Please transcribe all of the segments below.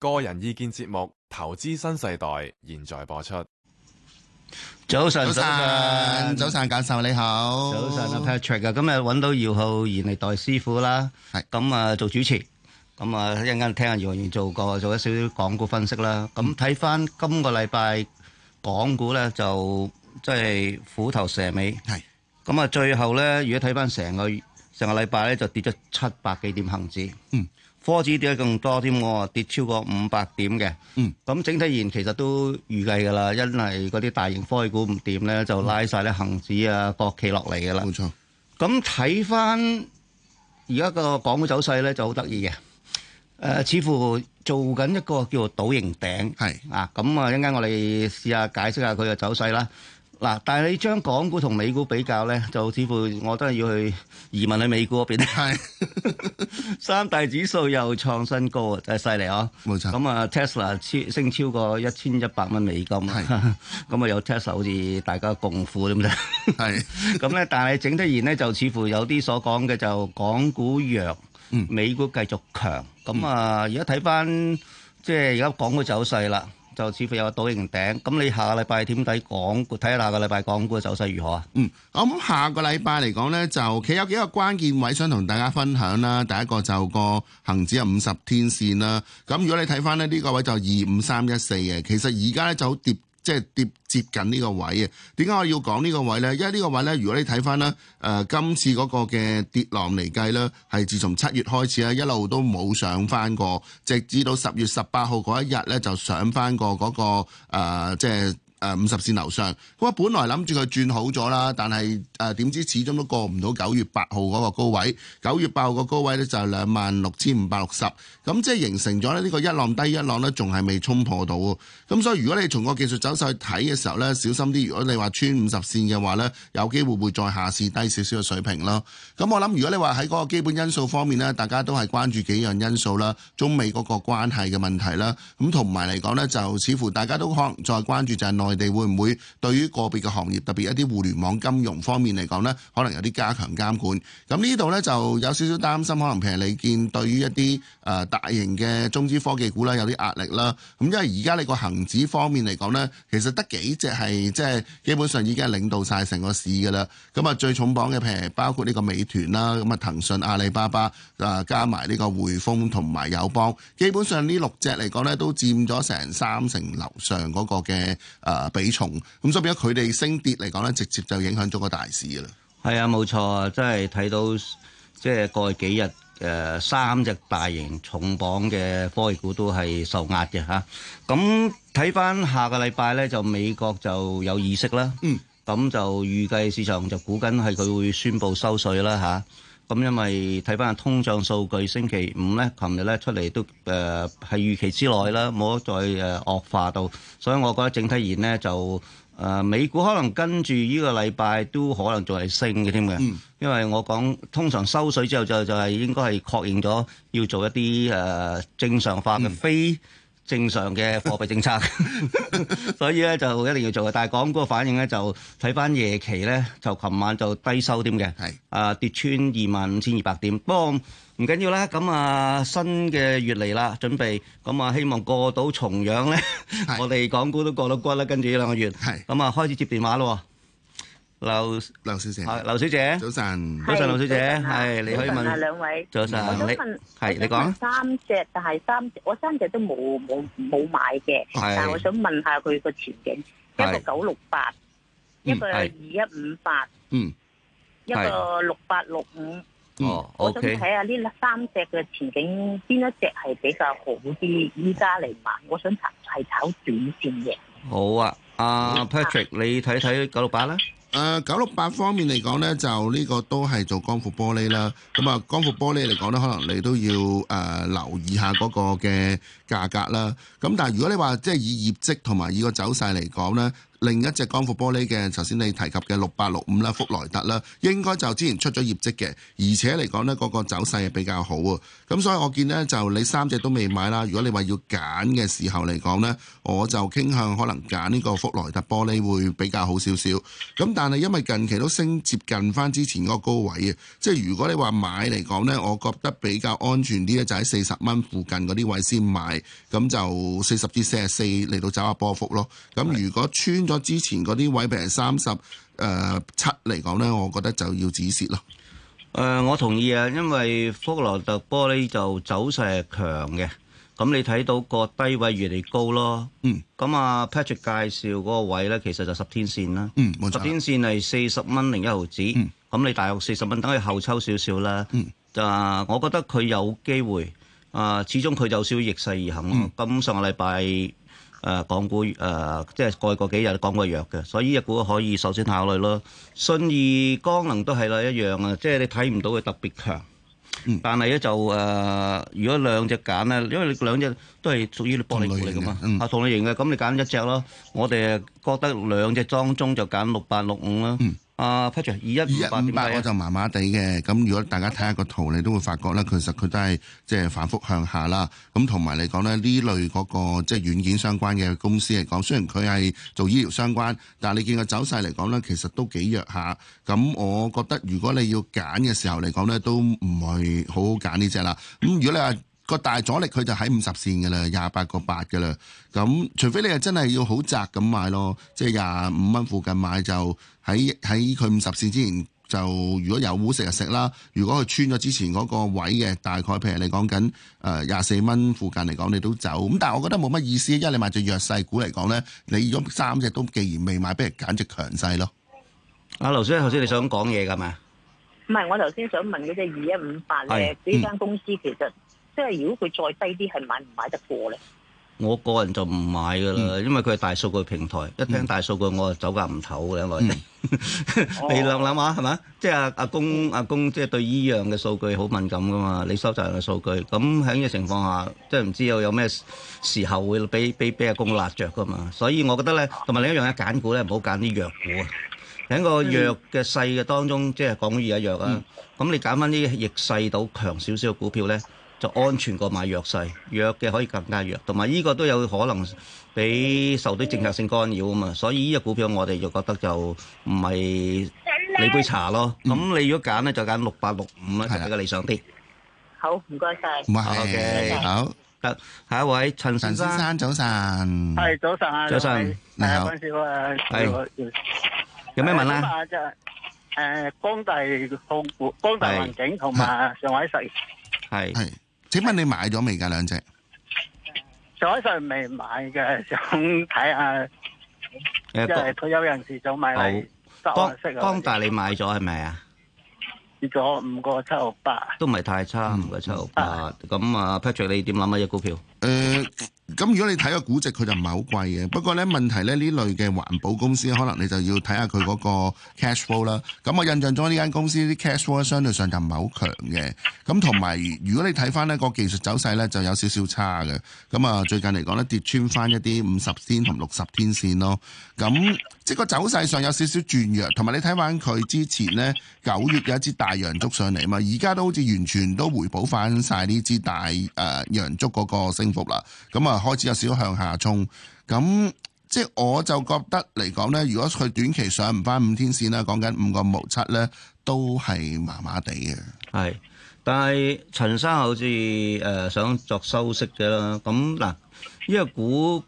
個人意見節目《投資新世代》現在播出。早上安安，早晨，早晨，簡教授你好。早上 Patrick 啊，哦、我 ric, 今日揾到姚浩然嚟代師傅啦。係咁啊，做主持。咁啊一陣間聽下姚浩然做過做一少少港股分析啦。咁睇翻今個禮拜港股咧，就即係、就是、虎頭蛇尾。係咁啊，最後咧，如果睇翻成個成個禮拜咧，就跌咗七百幾點恒指。嗯。科指跌得更多添喎，跌超過五百點嘅。咁、嗯、整體而言，其實都預計㗎啦，因為嗰啲大型科技股唔掂咧，嗯、就拉晒咧恒指啊國企落嚟㗎啦。冇錯。咁睇翻而家個港股走勢咧就好得意嘅，誒、嗯呃、似乎做緊一個叫做倒形頂。係是啊，咁啊一陣間我哋試下解釋下佢嘅走勢啦。嗱，但係你將港股同美股比較咧，就似乎我都係要去移民去美股嗰邊。係三大指數又創新高啊，真係犀利哦！冇錯，咁啊 Tesla 超升超過一千一百蚊美金，咁啊有 Tesla 好似大家共富咁啫。係咁咧，但係整體而言咧，就似乎有啲所講嘅就港股弱，美股繼續強。咁啊，而家睇翻即係而家港股走勢啦。就似乎有個倒影頂，咁你下個禮拜點睇港股？睇下下個禮拜港股嘅走勢如何啊、嗯？嗯，我、嗯、下個禮拜嚟講咧，就企有幾個關鍵位想同大家分享啦。第一個就個恆指啊，五十天線啦，咁如果你睇翻咧，呢個位就二五三一四嘅，其實而家咧就好跌。即係接近呢個位啊？點解我要講呢個位呢？因為呢個位咧，如果你睇翻呢，誒、呃、今次嗰個嘅跌浪嚟計呢係自從七月開始啊，一路都冇上翻過，直至到十月十八號嗰一日呢就上翻過嗰、嗰個、呃、即係。誒五十線樓上，咁啊，本來諗住佢轉好咗啦，但係誒點知始終都過唔到九月八號嗰個高位，九月八號個高位呢，就係兩萬六千五百六十，咁即係形成咗咧呢個一浪低一浪呢，仲係未衝破到喎，咁所以如果你從個技術走勢去睇嘅時候呢，小心啲，如果你穿話穿五十線嘅話呢，有機會會再下試低少少嘅水平咯。咁我諗如果你話喺嗰個基本因素方面呢，大家都係關注幾樣因素啦，中美嗰個關係嘅問題啦，咁同埋嚟講呢，就似乎大家都可能再關注就係內佢哋會唔會對於個別嘅行業，特別一啲互聯網金融方面嚟講呢，可能有啲加強監管？咁呢度呢就有少少擔心，可能譬如你見對於一啲誒大型嘅中資科技股啦，有啲壓力啦。咁因為而家你個恒指方面嚟講呢，其實得幾隻係即係基本上已經係領導晒成個市噶啦。咁啊，最重磅嘅譬如包括呢個美團啦，咁啊騰訊阿里巴巴啊，加埋呢個匯豐同埋友邦，基本上呢六隻嚟講呢，都佔咗成三成樓上嗰個嘅誒。啊，比重，咁所以變咗佢哋升跌嚟講咧，直接就影響咗個大市噶啦。係啊，冇錯，即係睇到即係過去幾日誒、呃，三隻大型重磅嘅科技股都係受壓嘅吓。咁睇翻下個禮拜咧，就美國就有意識啦。嗯，咁就預計市場就估緊係佢會宣布收稅啦吓。啊咁因為睇翻個通脹數據，星期五咧，琴日咧出嚟都誒係預期之內啦，冇得再誒、呃、惡化到，所以我覺得整體而言呢，就誒、呃、美股可能跟住呢個禮拜都可能仲係升嘅添嘅，嗯、因為我講通常收水之後就係、就係、係、應該係確認咗要做一啲誒、呃、正常化嘅、嗯、非、正常嘅貨幣政策， 所以呢就一定要做嘅。但係港股嘅反應呢，就睇翻夜期咧，就琴晚就低收點嘅是、啊，跌穿二萬五千二百點。不過唔緊要啦，咁啊新嘅月嚟啦，準備咁啊希望過到重陽呢，是 我哋港股都過到骨啦。跟住呢兩個月，係咁是啊開始接電話咯。劉劉小姐，係劉小姐，早晨，早晨，劉小姐，係，你可以問下兩位。早晨，你好，係你講。三隻，但係三隻，我三隻都冇冇冇買嘅，但係我想問下佢個前景，一個九六八，一個二一五八，嗯，一個六八六五，嗯，我想睇下呢三隻嘅前景邊一隻係比較好啲？依家嚟話，我想係炒短線嘅。好啊，阿 Patrick，你睇睇九六八啦。誒、呃、九六八方面嚟講呢，就呢個都係做光伏玻璃啦。咁、嗯、啊，光伏玻璃嚟講呢，可能你都要誒、呃、留意下嗰個嘅價格啦。咁、嗯、但係如果你話即係以業績同埋以個走勢嚟講呢。另一隻光伏玻璃嘅，頭先你提及嘅六八六五啦，福萊特啦，應該就之前出咗業績嘅，而且嚟講呢嗰個走勢係比較好啊。咁所以我見呢，就你三隻都未買啦。如果你話要揀嘅時候嚟講呢，我就傾向可能揀呢個福萊特玻璃會比較好少少。咁但係因為近期都升接近翻之前嗰個高位啊，即係如果你話買嚟講呢，我覺得比較安全啲咧，就喺四十蚊附近嗰啲位先買，咁就四十至四十四嚟到走下波幅咯。咁如果穿之前嗰啲位譬如三十誒七嚟講咧，我覺得就要止蝕咯。誒、呃，我同意啊，因為福羅特玻璃就走勢係強嘅，咁你睇到個低位越嚟越高咯。嗯。咁啊，Patrick 介紹嗰個位咧，其實就十天線啦。嗯，冇錯。十天線係四十蚊零一毫子。嗯。咁你大約四十蚊，等佢後抽少少啦。嗯。就我覺得佢有機會啊、呃，始終佢有少少逆勢而行咯。咁、嗯嗯、上個禮拜。誒港股誒即係過去過幾日講過弱嘅，所以依隻股可以首先考慮咯。信義光能都係啦一樣啊，即係你睇唔到佢特別強，嗯、但係咧就誒、呃，如果兩隻揀咧，因為你兩隻都係屬於玻璃股嚟噶嘛，合同類型嘅，咁、嗯、你揀一隻咯。我哋覺得兩隻當中就揀六八六五啦。啊 Page 二一五八，我就麻麻地嘅。咁 如果大家睇下個圖，你都會發覺咧，其實佢都係即係反覆向下啦。咁同埋嚟講咧，呢類嗰、那個即係軟件相關嘅公司嚟講，雖然佢係做醫療相關，但係你見個走勢嚟講咧，其實都幾弱下。咁、嗯、我覺得如果你要揀嘅時候嚟講咧，都唔係好好揀呢隻啦。咁、嗯、如果你話，個大阻力佢就喺五十線㗎啦，廿八個八㗎啦。咁除非你係真係要好窄咁買咯，即係廿五蚊附近買就喺喺佢五十線之前就如果有糊食就食啦。如果佢穿咗之前嗰個位嘅，大概譬如你講緊誒廿四蚊附近嚟講，你都走。咁但係我覺得冇乜意思，因為你買隻弱勢股嚟講咧，你如果三隻都既然未買，不如簡直強勢咯。阿、啊、劉生，頭先你想講嘢㗎嘛？唔係，我頭先想問嗰隻二一五八咧，呢間公司其實。嗯即係如果佢再低啲，係買唔買得過咧？我個人就唔買噶啦，因為佢係大數據平台。一聽大數據，我就走架唔投嘅，因為你諗諗下係咪？即係阿阿公阿公，即係對依樣嘅數據好敏感噶嘛？你收集人嘅數據咁喺呢個情況下，即係唔知有有咩時候會俾俾俾阿公辣著噶嘛？所以我覺得咧，同埋另一樣嘅揀股咧，唔好揀啲弱股啊。喺個弱嘅勢嘅當中，即係講住一弱啊。咁你揀翻啲逆勢到強少少嘅股票咧？就安全過買弱勢，弱嘅可以更加弱，同埋依個都有可能俾受到政策性干擾啊嘛，所以依隻股票我哋就覺得就唔係你杯茶咯。咁你如果揀咧，就揀六八六五咧，比較理想啲。好，唔該曬。唔係，好。得下一位陳晨先生，早晨。係，早晨啊，早晨，你好。有咩問啊？誒，光大控股、光大環境同埋上海實業。係。係。請問你買咗未？噶兩隻，早上未買嘅，想睇下，即係退休人士想買嚟，幫幫大你買咗係咪啊？跌咗五個七毫八，都唔係太差，五個七毫八。咁啊，Patrick，你點諗啊？隻股票？咁如果你睇個估值，佢就唔係好貴嘅。不過呢問題呢，呢類嘅環保公司，可能你就要睇下佢嗰個 cash flow 啦。咁我印象中呢間公司啲 cash flow 相對上就唔係好強嘅。咁同埋，如果你睇翻呢個技術走勢呢，就有少少差嘅。咁啊，最近嚟講呢，跌穿翻一啲五十天同六十天線咯。咁即個走勢上有少少轉弱，同埋你睇翻佢之前呢，九月有一支大陽燭上嚟嘛，而家都好似完全都回補翻晒呢支大誒陽燭嗰個升幅啦。咁啊開始有少少向下衝，咁即係我就覺得嚟講呢，如果佢短期上唔翻五天線啦，講緊五個木七呢都係麻麻地嘅。係，但係陳生好似誒、呃、想作修飾嘅啦。咁嗱，呢個股。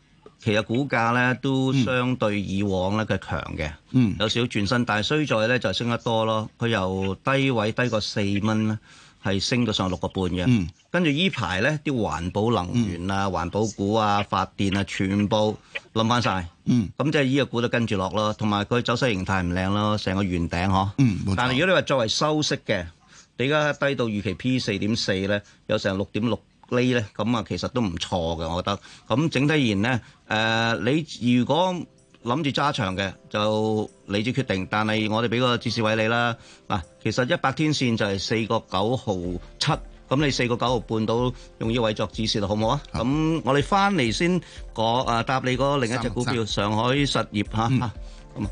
其實股價咧都相對以往咧嘅強嘅，嗯、有少轉身，但係衰在咧就是、升得多咯。佢由低位低過四蚊咧，係升到上六個半嘅。嗯、跟住依排咧啲環保能源啊、環保股啊、發電啊，全部冧翻曬。咁、嗯、即係依個股都跟住落咯，同埋佢走勢形態唔靚咯，成個圓頂呵。嗯、但係如果你話作為收息嘅，你而家低到預期 P 四點四咧，有成六點六。呢咧，咁啊，其實都唔錯嘅，我覺得。咁整體而言咧，誒、呃，你如果諗住揸長嘅，就你自己決定。但係我哋俾個指示位你啦。嗱、啊，其實一百天線就係四個九毫七，咁你四個九毫半到用呢位作指示，好唔好是啊？咁我哋翻嚟先講，我誒答你嗰另一隻股票上海實業吓，咁、嗯啊啊。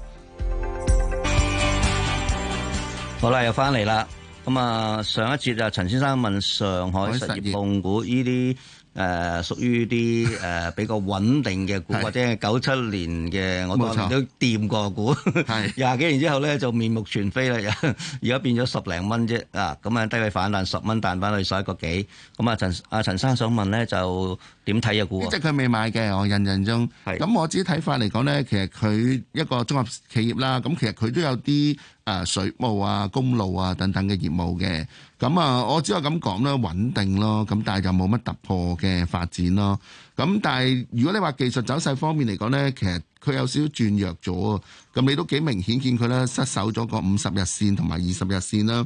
好啦，又翻嚟啦。咁啊，上一節啊，陳先生問上海實業控股呢啲誒屬於啲誒比較穩定嘅股，或者九七年嘅我都都掂過股，廿幾年之後咧就面目全非啦，而家變咗十零蚊啫。啊，咁啊低位反彈十蚊，彈翻去十一個幾。咁啊，陳啊陳生想問咧就點睇嘅股？即係佢未買嘅，我印象中。咁我自己睇法嚟講咧，其實佢一個綜合企業啦，咁其實佢都有啲。啊，水務啊、公路啊等等嘅業務嘅，咁啊，我只係咁講啦，穩定咯，咁但係就冇乜突破嘅發展咯。咁但係如果你話技術走勢方面嚟講呢，其實佢有少少轉弱咗，咁你都幾明顯見佢咧失守咗個五十日線同埋二十日線啦。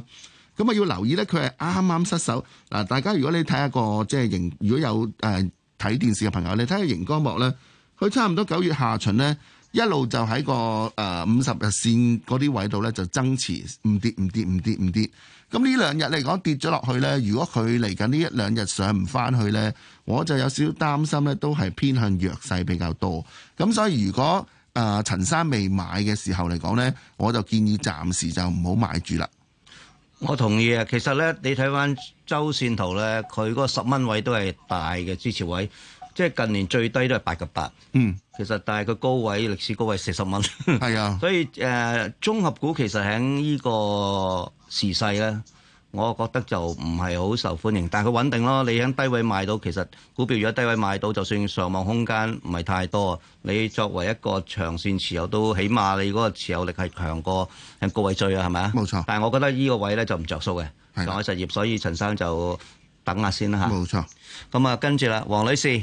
咁啊要留意呢，佢係啱啱失守嗱。大家如果你睇下個即係熒，如果有誒睇電視嘅朋友，你睇下熒光幕呢，佢差唔多九月下旬呢。一路就喺個誒五十日線嗰啲位度呢，就增持，唔跌唔跌唔跌唔跌。咁呢兩日嚟講跌咗落去呢。如果佢嚟緊呢一兩日上唔翻去呢，我就有少少擔心呢，都係偏向弱勢比較多。咁所以如果誒陳生未買嘅時候嚟講呢，我就建議暫時就唔好買住啦。我同意啊，其實呢，你睇翻周線圖呢，佢嗰十蚊位都係大嘅支持位。即係近年最低都係八個八，8，嗯，其實但係佢高位歷史高位四十蚊，係 啊，所以誒呃、綜合股其實喺呢個時勢咧，我覺得就唔係好受歡迎，但係佢穩定咯。你喺低位買到，其實股票如果低位買到，就算上網空間唔係太多，你作為一個長線持有都起碼你嗰個持有力係強過喺高位追啊，係咪啊？冇沒錯。但係我覺得呢個位咧就唔着數嘅，上海實業，所以陳生就等下先啦嚇。冇錯。咁啊，跟住啦，黃女士。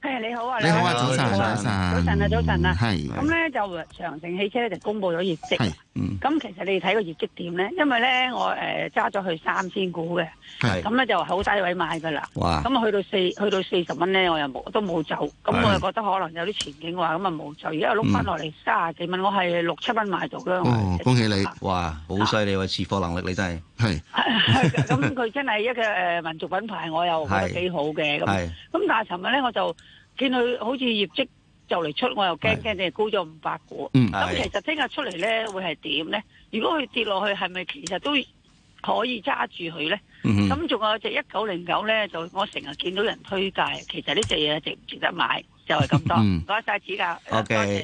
係，你好啊，你好啊，早晨啊，早晨啊，早晨啊，早晨啊，係咁咧就長城汽車咧就公布咗業績，咁其實你睇個業績點咧？因為咧我誒揸咗佢三千股嘅，咁咧就好低位買噶啦，咁啊去到四去到四十蚊咧我又冇都冇走，咁我又覺得可能有啲前景嘅話，咁啊冇走。而家又碌翻落嚟卅幾蚊，我係六七蚊買到嘅。恭喜你，哇，好犀利喎，持貨能力你真係係，咁佢真係一個誒民族品牌，我又覺得幾好嘅，咁咁但係尋日咧我就。見佢好似業績就嚟出，我又驚驚，你係沽咗五百股。咁其實聽日出嚟咧，會係點咧？如果佢跌落去，係咪其實都可以揸住佢咧？咁仲、嗯、哼有一隻一九零九咧，就我成日見到人推介，其實呢隻嘢值唔值得買？就係、是、咁多。唔該晒，謝謝指教。O Okay. K，Thank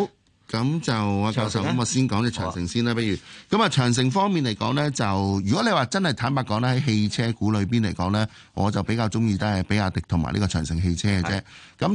you. 好。咁就阿教授咁，我先講啲長城先啦。不、哦、如咁啊，長城方面嚟講咧，就如果你話真係坦白講咧，喺汽車股裏邊嚟講咧，我就比較中意都係比亞迪同埋呢個長城汽車嘅啫。咁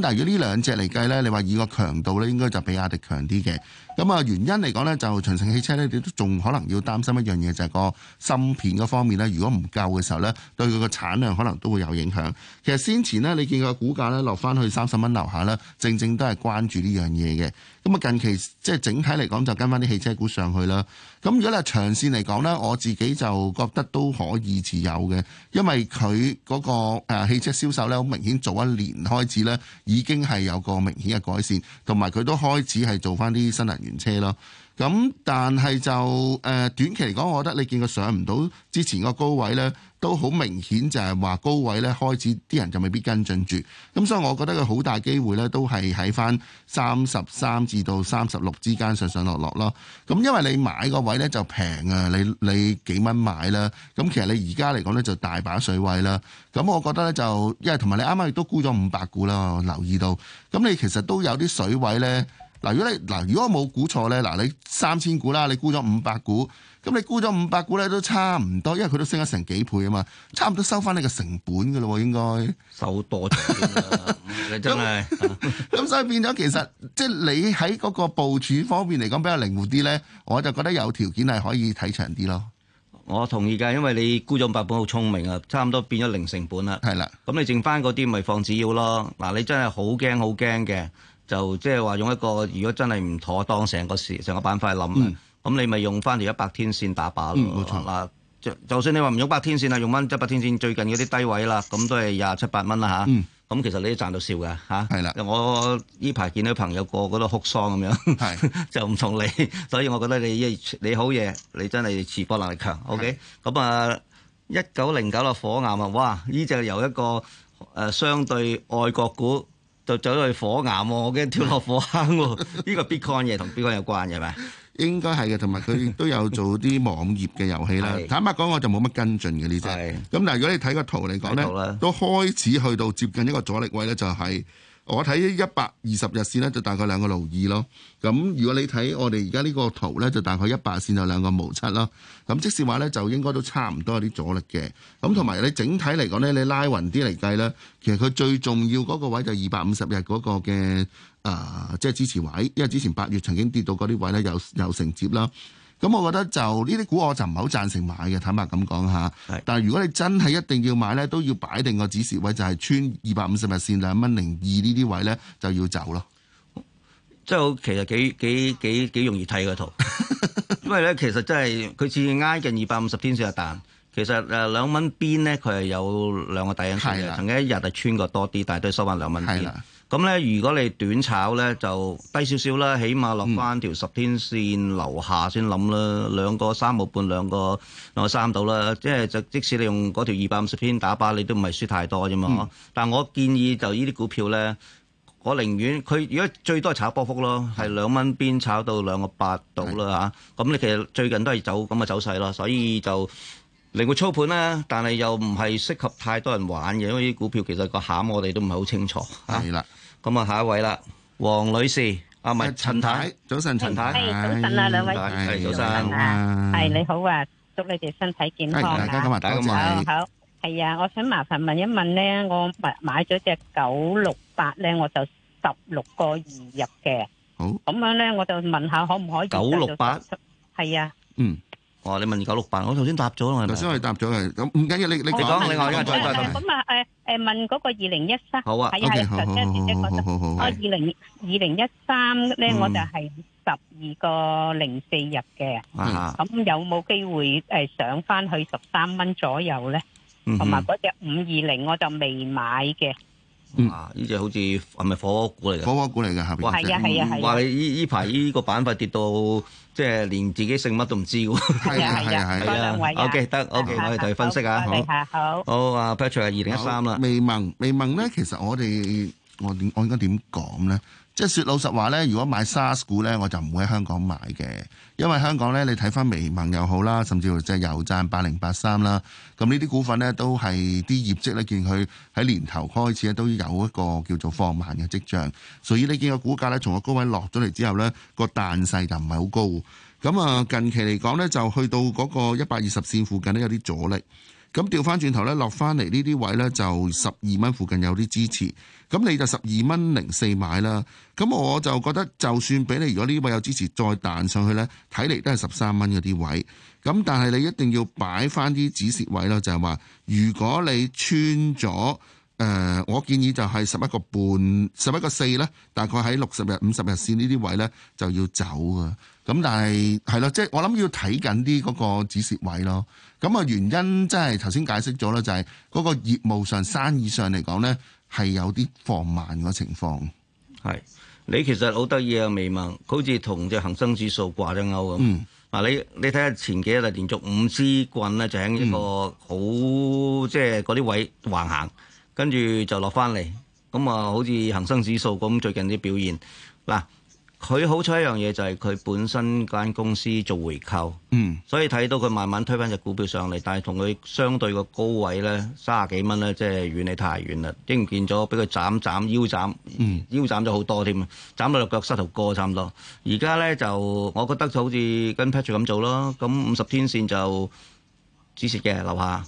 的但係如果呢兩隻嚟計咧，你話以個強度咧，應該就比亞迪強啲嘅。咁啊，原因嚟講咧，就長城汽車咧，你都仲可能要擔心一樣嘢，就係個芯片嗰方面咧。如果唔夠嘅時候咧，對佢個產量可能都會有影響。其實先前咧，你見個股價咧落翻去三十蚊樓下咧，正正都係關注呢樣嘢嘅。咁啊，近期即係整體嚟講，就跟翻啲汽車股上去啦。咁如果係長線嚟講咧，我自己就覺得都可以持有嘅，因為佢嗰個誒汽車銷售呢，好明顯，早一年開始呢已經係有個明顯嘅改善，同埋佢都開始係做翻啲新能源車咯。咁但係就誒、呃、短期嚟講，我覺得你見佢上唔到之前個高位呢，都好明顯就係話高位呢開始啲人就未必跟進住。咁、嗯、所以我覺得佢好大機會呢都係喺翻三十三至到三十六之間上上落落咯。咁、嗯、因為你買個位呢就平啊，你你幾蚊買啦？咁、嗯、其實你而家嚟講呢就大把水位啦。咁、嗯、我覺得呢，就因為同埋你啱啱亦都沽咗五百股啦，我留意到。咁、嗯、你其實都有啲水位呢。嗱，如果你嗱，如果我冇估錯咧，嗱，你三千股啦，你沽咗五百股，咁你沽咗五百股咧都差唔多，因為佢都升咗成幾倍啊嘛，差唔多收翻你個成本嘅咯，應該收多啲， 你真係，咁 所以變咗其實即係你喺嗰個部署方面嚟講比較靈活啲咧，我就覺得有條件係可以睇長啲咯。我同意㗎，因為你沽咗五百本好聰明啊，差唔多變咗零成本啦。係啦的，咁你剩翻嗰啲咪放紙要咯。嗱，你真係好驚好驚嘅。就即係話用一個，如果真係唔妥當，成個事，成個板塊諗，咁、嗯、你咪用翻條一百天線打靶咯。冇、嗯、錯，嗱，就就算你話唔用百天線啊，用翻一百天線最近嗰啲低位啦，咁都係廿七八蚊啦嚇。咁、啊嗯、其實你都賺到笑㗎嚇。係、啊、啦，的我呢排見到朋友、那個個都哭喪咁樣，的 就唔同你，所以我覺得你一你好嘢，你真係持波能力強。O K，咁啊，一九零九落火岩啊，哇！呢隻由一個誒、呃、相對外國股。就走去火岩喎， 我驚跳落火坑喎，呢個 Bitcoin 嘢同 Bitcoin 有關嘅？係咪？應該係嘅，同埋佢亦都有做啲網頁嘅遊戲啦。 的坦白講，我就冇乜跟進嘅呢啲。係的。咁但係如果你睇個圖嚟講咧，都開始去到接近一個阻力位咧，就係、是。我睇一百二十日線呢，就大概兩個六二咯。咁如果你睇我哋而家呢個圖呢，就大概一百線就兩個無七啦。咁即使話呢，就應該都差唔多有啲阻力嘅。咁同埋你整體嚟講呢，你拉勻啲嚟計咧，其實佢最重要嗰個位就二百五十日嗰個嘅誒，即、呃、係、就是、支持位，因為之前八月曾經跌到嗰啲位呢，有又承接啦。咁我覺得就呢啲股我就唔係好贊成買嘅，坦白咁講吓。是但係如果你真係一定要買咧，都要擺定個指示位就係、是、穿二百五十日線兩蚊零二呢啲位咧，就要走咯。即係其實幾幾幾幾容易睇個圖， 因為咧其實真係佢似挨近二百五十天線一彈，其實誒兩蚊邊咧佢係有兩個底影線嘅，的曾經一日係穿過多啲，但係都收翻兩蚊邊。咁咧，如果你短炒咧，就低少少啦，起碼落翻條十天線樓下先諗啦，兩個三毫半，兩個兩個三到啦，即係就即使你用嗰條二百五十天打靶，你都唔係輸太多啫嘛，嗯、但我建議就依啲股票咧，我寧願佢如果最多係炒波幅咯，係兩蚊邊炒到兩個八到啦嚇。咁你是的、嗯、其實最近都係走咁嘅走勢咯，所以就。你會操盤啦，但係又唔係適合太多人玩嘅，因為啲股票其實個餡我哋都唔係好清楚。係啦，咁啊下一位啦，王女士，啊唔係陳太，早晨陳太，早晨啊，兩位，早晨啊，係你好啊，祝你哋身體健康啊，好，好，係啊，我想麻煩問一問咧，我買買咗隻九六八咧，我就十六個二入嘅，好，咁樣咧，我就問下可唔可以九六八，係啊，嗯。哦，你問二九六八，我頭先答咗啦，係咪？頭先我哋答咗係，咁唔緊要，你你講，你我一齊答嘅。咁啊，誒誒，問嗰個二零一三，好啊，OK，好好好，好，好，好，好。啊，二零二零一三咧，我就係十二個零四日嘅，咁有冇機會誒上翻去十三蚊左右咧？同埋嗰隻五二零，我就未買嘅。啊！呢隻好似係咪火鍋股嚟嘅？火鍋股嚟嘅下邊，話你呢呢排呢個板塊跌到，即係連自己姓乜都唔知喎。係啊係啊係啊。O K 得 O K，我哋同你分析啊。好。好啊，Patrick 啊，二零一三啦。未問未問咧，其實我哋我點我應該點講咧？即係說老實話咧，如果買 SaaS 股咧，我就唔會喺香港買嘅，因為香港咧，你睇翻微盟又好啦，甚至乎即係有贊八零八三啦，咁呢啲股份咧都係啲業績咧見佢喺年頭開始咧都有一個叫做放慢嘅跡象，所以你見個股價咧從個高位落咗嚟之後咧個彈勢就唔係好高，咁、嗯、啊近期嚟講咧就去到嗰個一百二十線附近咧有啲阻力，咁調翻轉頭咧落翻嚟呢啲位咧就十二蚊附近有啲支持。咁你就十二蚊零四買啦，咁我就覺得就算俾你如果呢位有支持再彈上去呢，睇嚟都係十三蚊嗰啲位。咁但係你一定要擺翻啲止蝕位咯，就係、是、話如果你穿咗誒、呃，我建議就係十一個半、十一個四呢，大概喺六十日、五十日線呢啲位呢，就要走㗎。咁但係係咯，即係、就是、我諗要睇緊啲嗰個止蝕位咯。咁啊原因即係頭先解釋咗啦，就係、是、嗰個業務上、生意上嚟講呢。係有啲放慢嘅情況，係你其實好得意啊，微盟好似同隻恒生指數掛咗鈎咁。嗱、嗯，你你睇下前幾日連續五支棍咧，就喺一個好、嗯、即係嗰啲位橫行，跟住就落翻嚟，咁啊好似恒生指數咁最近啲表現嗱。佢好彩一樣嘢就係、是、佢本身間公司做回購，嗯、所以睇到佢慢慢推翻隻股票上嚟。但係同佢相對個高位咧，三十幾蚊咧，即係遠離太遠啦，已經唔見咗俾佢斬斬腰斬，腰斬咗好多添啊，斬到落腳膝頭哥差唔多。而家咧就我覺得就好似跟 Patrick 咁做咯，咁五十天線就止蝕嘅留下，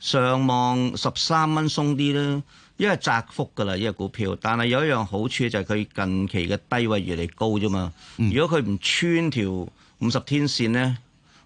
上望十三蚊鬆啲咧。因為窄幅噶啦，依個股票，但係有一樣好處就係佢近期嘅低位越嚟高啫嘛。嗯、如果佢唔穿條五十天線咧，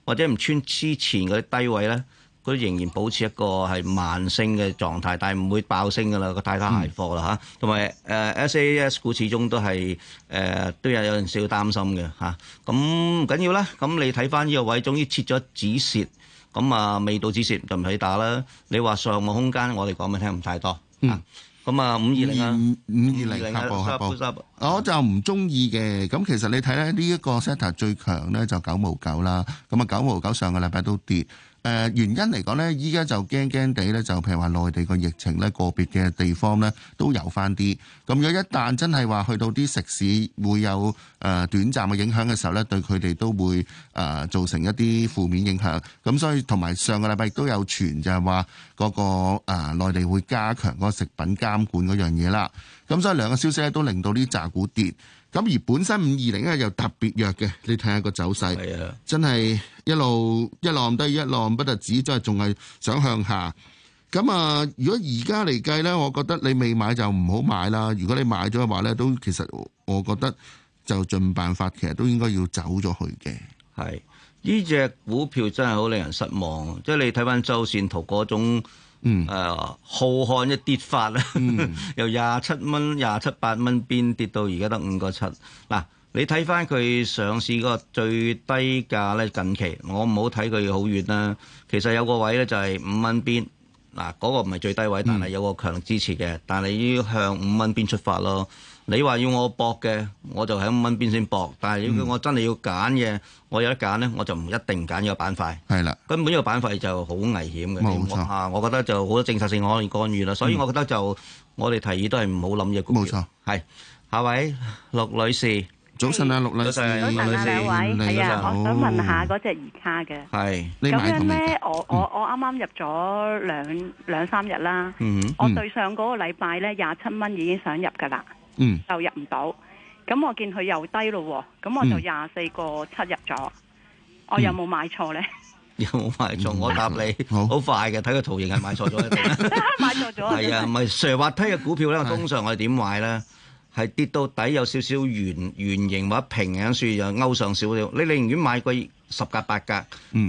或者唔穿之前嗰啲低位咧，佢仍然保持一個係慢升嘅狀態，但係唔會爆升噶啦，個大家捱貨啦嚇。同埋誒 SaaS 股始終都係誒、呃、都有人有少少擔心嘅嚇。咁、啊、唔緊要啦，咁你睇翻呢個位終於切咗止蝕，咁啊未到止蝕就唔使打啦。你話上嘅空間，我哋講咪聽唔太多。嗯，咁啊五二零啦，五二零合報合報，部部我就唔中意嘅。咁其實你睇咧，呢一個 sector 最強咧就九毛九啦。咁啊九毛九上個禮拜都跌。誒、呃、原因嚟講呢，依家就驚驚地呢，就譬如話內地個疫情呢，個別嘅地方呢都有翻啲咁。如果一旦真係話去到啲食肆會有誒、呃、短暫嘅影響嘅時候呢，對佢哋都會誒、呃、造成一啲負面影響。咁所以同埋上個禮拜都有傳就係話嗰個誒內、呃、地會加強嗰食品監管嗰樣嘢啦。咁所以兩個消息咧都令到啲雜股跌。咁而本身五二零咧又特別弱嘅，你睇下個走勢，係啊，真係一路一浪低一浪不得止，即係仲係想向下。咁啊，如果而家嚟計咧，我覺得你未買就唔好買啦。如果你買咗嘅話咧，都其實我覺得就盡辦法，其實都應該要走咗去嘅。係呢隻股票真係好令人失望，即係你睇翻周線圖嗰種。嗯，誒浩瀚一跌法啦，嗯、 由廿七蚊、廿七八蚊邊跌到而家得五個七。嗱、啊，你睇翻佢上市嗰個最低價咧，近期我唔好睇佢好遠啦。其實有個位咧就係五蚊邊，嗱、啊、嗰、嗰個唔係最低位，但係有個強支持嘅。嗯、但係你要向五蚊邊出發咯。你話要我搏嘅，我就喺五蚊邊先搏。但係如果我真係要揀嘅，我有得揀咧，我就唔一定揀呢個板塊。係啦，根本呢個板塊就好危險嘅。冇錯啊，我覺得就好多政策性可能干預啦。所以，我覺得就我哋提議都係唔好諗嘢股票。冇錯，係，下位陸女士，早晨啊，陸女士，多謝兩位，係啊，我想問下嗰隻二卡嘅。係咁樣咧，我我我啱啱入咗兩兩三日啦。我對上嗰個禮拜咧，廿七蚊已經想入㗎啦。嗯，就入唔到，咁我見佢又低咯，咁我就廿四個七入咗，嗯、我有冇買錯咧？有冇買錯？ 我答你， 好快嘅，睇個圖形係買錯咗。 買錯咗了 啊！係啊，咪斜滑梯嘅股票咧，通常我哋點買咧？係跌到底有少少圓圓形或者平衡樹又勾上少少，你寧願買貴十格八格，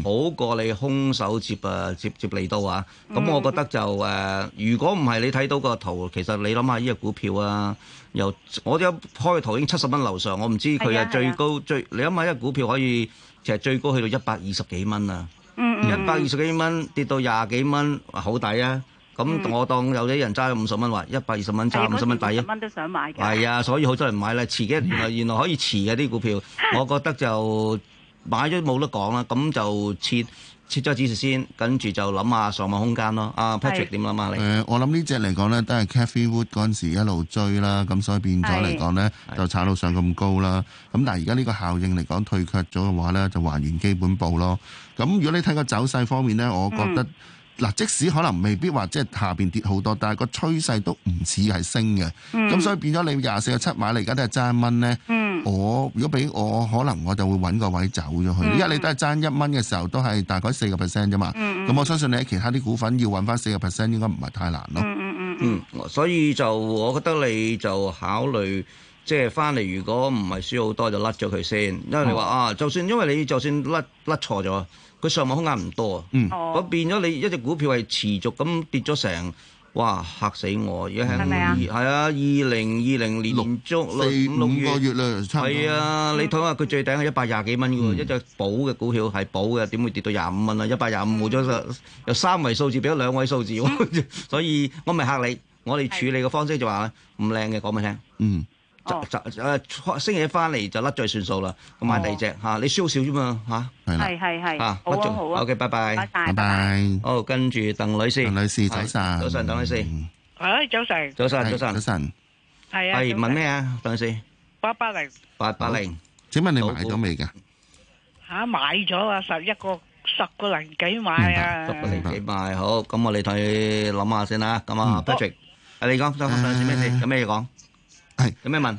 好過、嗯、你空手接啊接接利刀啊！咁我覺得就誒、呃，如果唔係你睇到個圖，其實你諗下呢隻股票啊，由我一開圖已經七十蚊樓上，我唔知佢係最高最你諗下，呢隻股票可以其實最高去到一百二十幾蚊啊！一百二十幾蚊跌到廿幾蚊，好抵啊！咁、嗯嗯、我當有啲人揸五十蚊，或一百二十蚊揸五十蚊底，一蚊都想買嘅。係啊，所以好多人買咧，遲幾年原來可以遲嘅啲股票。我覺得就買咗冇得講啦，咁、嗯、就切撤咗止蝕先，跟住就諗下上望空間咯。啊 Patrick 點諗啊？想想你、呃、我諗呢隻嚟講呢，都係 Cathy Wood 嗰陣時一路追啦，咁所以變咗嚟講呢，是就炒到上咁高啦。咁但係而家呢個效應嚟講退卻咗嘅話呢，就還原基本步咯。咁如果你睇個走勢方面呢，我覺得、嗯。嗱，即使可能未必話即係下面跌好多，但係個趨勢都唔似係升嘅。咁、嗯、所以變咗你廿四個七買你而家都係爭一蚊咧。嗯、我如果俾我，可能我就會揾個位走咗去。因為、嗯、你都係爭一蚊嘅時候，都係大概四個 percent 啫嘛。咁、嗯、我相信你喺其他啲股份要揾翻四個 percent，應該唔係太難咯。嗯、所以就我覺得你就考慮即係翻嚟，就是、如果唔係輸好多，就甩咗佢先。因為你話、嗯、啊，就算因為你就算甩甩錯咗。佢上網空間唔多啊，我、嗯、變咗你一隻股票係持續咁跌咗成，哇嚇死我！而家二係啊，二零二零年六足六五個月啦，月差唔多係啊，嗯、你睇下佢最頂係一百廿幾蚊嘅喎，嗯、一隻保嘅股票係保嘅，點會跌到廿五蚊啊？一百廿五冇咗，有、嗯、三位數字變咗兩位數字喎，嗯、 所以我咪嚇你，我哋處理嘅方式就話唔靚嘅，講俾聽。嗯。就誒，星期一翻嚟就甩咗算數啦，咁買第二隻吓，你輸少啫嘛吓，係啦，係係，好啊好啊，OK，拜拜，拜拜，好，跟住鄧女士，鄧女士，早晨，早晨，鄧女士，誒，早晨，早晨，早晨，早晨，係啊，係問咩啊？鄧女士，八八零，八八零，請問你買咗未噶？吓，買咗啊，十一個，十個零幾買啊，十個零幾買，好，咁我哋同你諗下先啦，咁啊，Patrick，阿你講，想問啲咩事，有咩嘢講？係有咩問？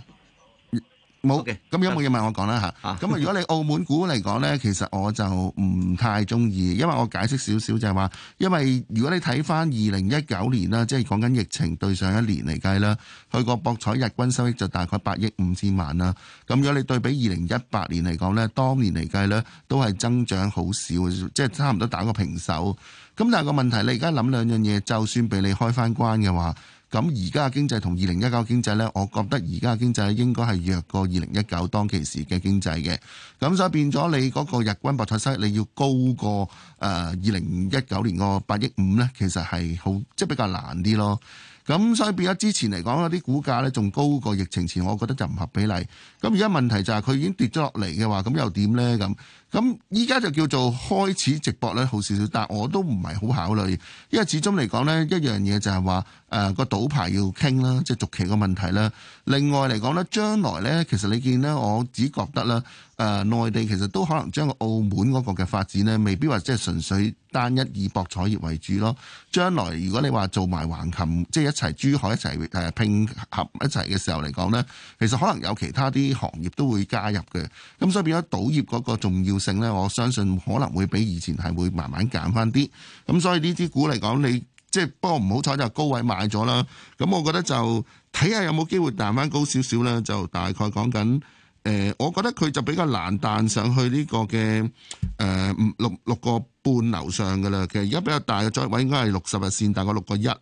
冇嘅，咁有冇嘢問我講啦吓。咁啊，如果你澳門股嚟講呢，其實我就唔太中意，因為我解釋少少就係話，因為如果你睇翻二零一九年啦，即係講緊疫情對上一年嚟計啦，佢個博彩日均收益就大概八億五千萬啦。咁如果你對比二零一八年嚟講呢，當年嚟計呢都係增長好少，即係差唔多打個平手。咁但係個問題，你而家諗兩樣嘢，就算俾你開翻關嘅話。咁而家嘅經濟同二零一九經濟呢，我覺得而家嘅經濟應該係弱過二零一九當其時嘅經濟嘅。咁所以變咗你嗰個日均博彩收入你要高過誒二零一九年個八億五呢，其實係好即係、就是、比較難啲咯。咁所以變咗之前嚟講嗰啲股價呢仲高過疫情前，我覺得就唔合比例。咁而家問題就係、是、佢已經跌咗落嚟嘅話，咁又點呢？咁？咁依家就叫做開始直播咧，好少少，但我都唔係好考慮，因為始終嚟講咧，一樣嘢就係話誒個賭牌要傾啦，即係續期個問題啦。另外嚟講咧，將來咧，其實你見咧，我只覺得咧，誒、呃、內地其實都可能將個澳門嗰個嘅發展咧，未必話即係純粹單一以博彩業為主咯。將來如果你話做埋橫琴，即係一齊珠海一齊誒拼合一齊嘅時候嚟講咧，其實可能有其他啲行業都會加入嘅。咁所以變咗賭業嗰個重要性咧，我相信可能會比以前係會慢慢減翻啲，咁所以呢啲股嚟講，你即係不過唔好炒就是、高位買咗啦。咁我覺得就睇下有冇機會彈翻高少少咧，就大概講緊誒，我覺得佢就比較難彈上去呢個嘅誒五六六個半樓上噶啦。其實而家比較大嘅最高位應該係六十日線，大概六個一啦。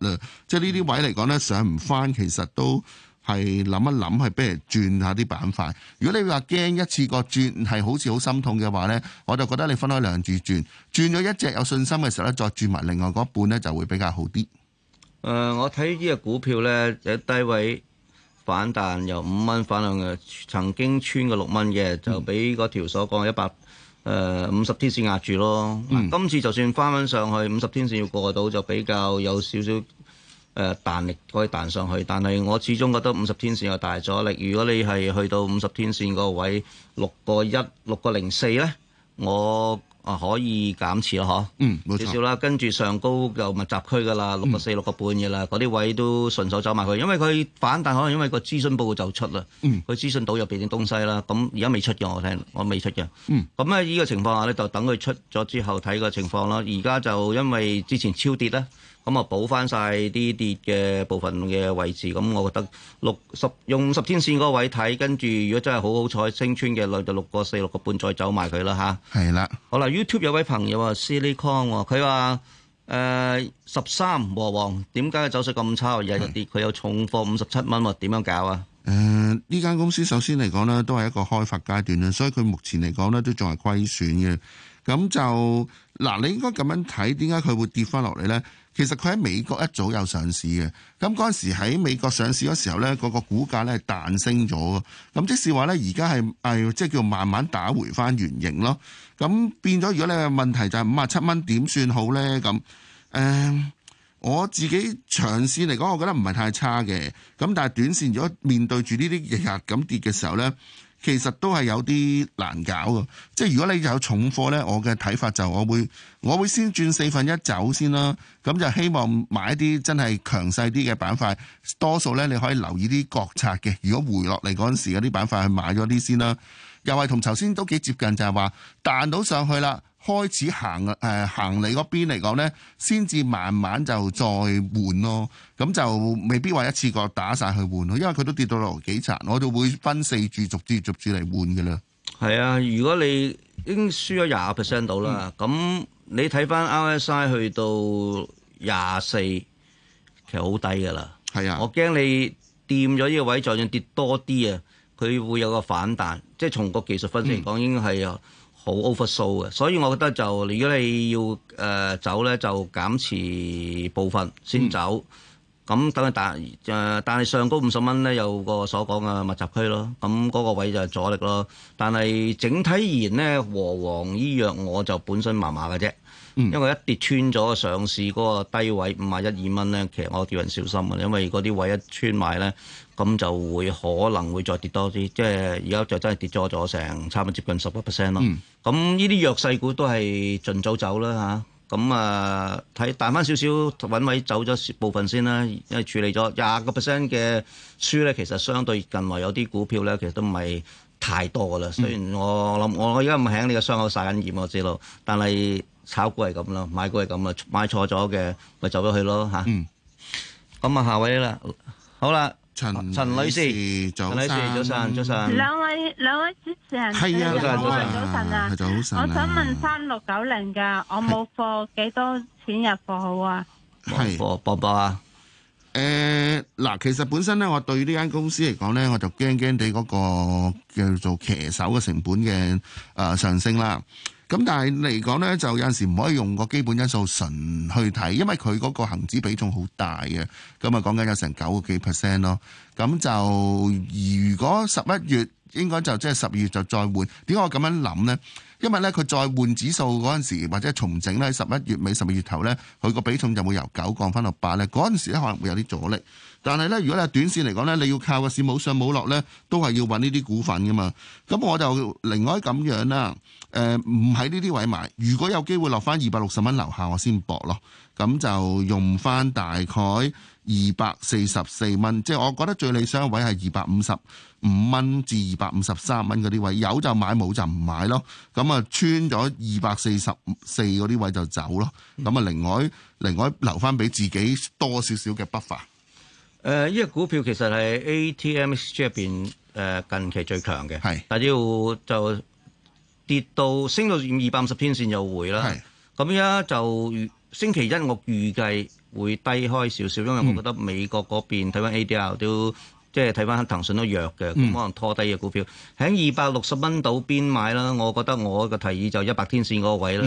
即係呢啲位嚟講咧，上唔翻其實都。係諗一諗，係不如轉下啲板塊。如果你話驚一次過轉係好似好心痛嘅話呢，我就覺得你分開兩次轉，轉咗一隻有信心嘅時候咧，再轉埋另外嗰半呢就會比較好啲。誒、呃，我睇呢隻股票呢，喺低位反彈由五蚊，反翻嘅曾經穿過六蚊嘅，就俾嗰條所講一百誒五十天線壓住咯。嗯、今次就算翻翻上去五十天線要過到，就比較有少少。誒、呃、彈力可以彈上去，但係我始終覺得五十天線又大阻力。如果你係去到五十天線個位六個一、六個零四咧，我啊可以減持咯，嗬。嗯，冇錯。少少啦，跟住上高又密集區嘅啦，六個四、六個半嘅啦，嗰啲位都順手走埋去，因為佢反彈，可能因為個諮詢報告就出啦。佢諮詢到入邊啲東西啦，咁而家未出嘅我聽，我未出嘅。嗯。咁咧，依個情況下咧，你就等佢出咗之後睇個情況啦。而家就因為之前超跌咧。咁啊，就補翻晒啲跌嘅部分嘅位置，咁我覺得六十用十天線嗰位睇，跟住如果真係好好彩，升穿嘅，就六個四、六個半再走埋佢啦吓，係的啦，好啦，YouTube 有位朋友啊，Silicon，佢、哦、話誒十三、呃、和黃點解嘅走勢咁差，日日跌，佢的有重貨五十七蚊喎，點、哦、樣搞啊？誒、呃，呢間公司首先嚟講呢，都係一個開發階段啊，所以佢目前嚟講呢，都仲係虧損嘅，咁就。嗱，你應該咁樣睇，點解佢會跌翻落嚟呢？其實佢喺美國一早有上市嘅，咁嗰陣時喺美國上市嗰時候呢，嗰個股價呢係彈升咗嘅，咁即係話呢，而家係係即係叫慢慢打回翻原形咯。咁變咗，如果你嘅問題就係五呀七蚊點算好呢？咁，誒、呃，我自己長線嚟講，我覺得唔係太差嘅，咁但係短線如果面對住呢啲日日咁跌嘅時候呢。其實都係有啲難搞嘅，即係如果你有重貨呢，我嘅睇法就我會我會先轉四分一走先啦，咁就希望買一啲真係強勢啲嘅板塊，多數呢你可以留意啲國策嘅，如果回落嚟嗰陣時嗰啲板塊去買咗啲先啦，又係同頭先都幾接近，就係話彈到上去啦。開始行誒、呃、行李嗰邊嚟講咧，先至慢慢就再換咯。咁就未必話一次過打晒去換咯，因為佢都跌到落幾殘，我就會分四注逐注逐注嚟換㗎啦。係啊，如果你已經輸咗廿 percent 到啦，咁、嗯、你睇翻 RSI 去到廿四，其實好低㗎啦。係啊，我驚你掂咗呢個位再要跌多啲啊，佢會有個反彈。即係從個技術分析嚟講，嗯、應該係有。冇 oversold 嘅，所以我覺得就如果你要誒、呃、走咧，就減持部分先走，咁等下但誒、呃、但係上高五十蚊咧有個所講嘅密集區咯，咁、那、嗰個位就係阻力咯。但係整體而言咧，和黃醫藥我就本身麻麻嘅啫。因為一跌穿咗上市嗰個低位五萬一二蚊咧，其實我叫人小心啊。因為嗰啲位一穿埋咧，咁就會可能會再跌多啲。即係而家就真係跌咗咗成差唔多接近十八 percent 咯。咁呢啲弱勢股都係盡早走啦嚇。咁啊，睇彈翻少少揾位走咗部分先啦，因為處理咗廿個 percent 嘅輸咧，其實相對近來有啲股票咧，其實都唔係太多嘅啦。嗯、雖然我諗我而家唔係喺你個傷口撒緊鹽，我知道，但係。炒股係咁咯，買股係咁啊，買錯咗嘅咪走咗去咯吓。咁啊，下位啦，好啦，陳陳女士，陳女士早晨早晨，兩位兩位主持人，早晨早晨啊，早晨啊，我想問三六九零噶，我冇貨，幾多錢入貨好啊？係貨，波波啊？誒嗱，其實本身咧，我對呢間公司嚟講咧，我就驚驚地嗰個叫做騎手嘅成本嘅啊上升啦。咁但係嚟講呢，就有陣時唔可以用個基本因素純去睇，因為佢嗰個恆指比重好大嘅。咁啊講緊有成九個幾 percent 咯。咁就如果十一月應該就即係十二月就再換。點解我咁樣諗呢？因為咧，佢再換指數嗰陣時，或者重整咧，十一月尾、十二月頭咧，佢個比重就會由九降翻到八咧。嗰陣時咧，可能會有啲阻力，但係咧，如果你係短線嚟講咧，你要靠個市冇上冇落咧，都係要搵呢啲股份㗎嘛。咁我就另外咁樣啦，誒、呃，唔喺呢啲位買。如果有機會落翻二百六十蚊樓下，我先博咯。咁就用翻大概。二百四十四蚊，即係我覺得最理想嘅位係二百五十五蚊至二百五十三蚊嗰啲位，有就買，冇就唔買咯。咁啊，穿咗二百四十四嗰啲位就走咯。咁啊，另外另外留翻俾自己多少少嘅 buffer。誒、呃，呢、呢個股票其實係 ATMS 入邊誒近期最強嘅，是但要就跌到升到二百五十天線又回啦。咁依家就。星期一我預計會低開少少，因為我覺得美國嗰邊睇翻 ADR 都即係睇翻騰訊都弱嘅，嗯、可能拖低嘅股票喺二百六十蚊度邊買啦。我覺得我嘅提議就一百天線嗰個位啦。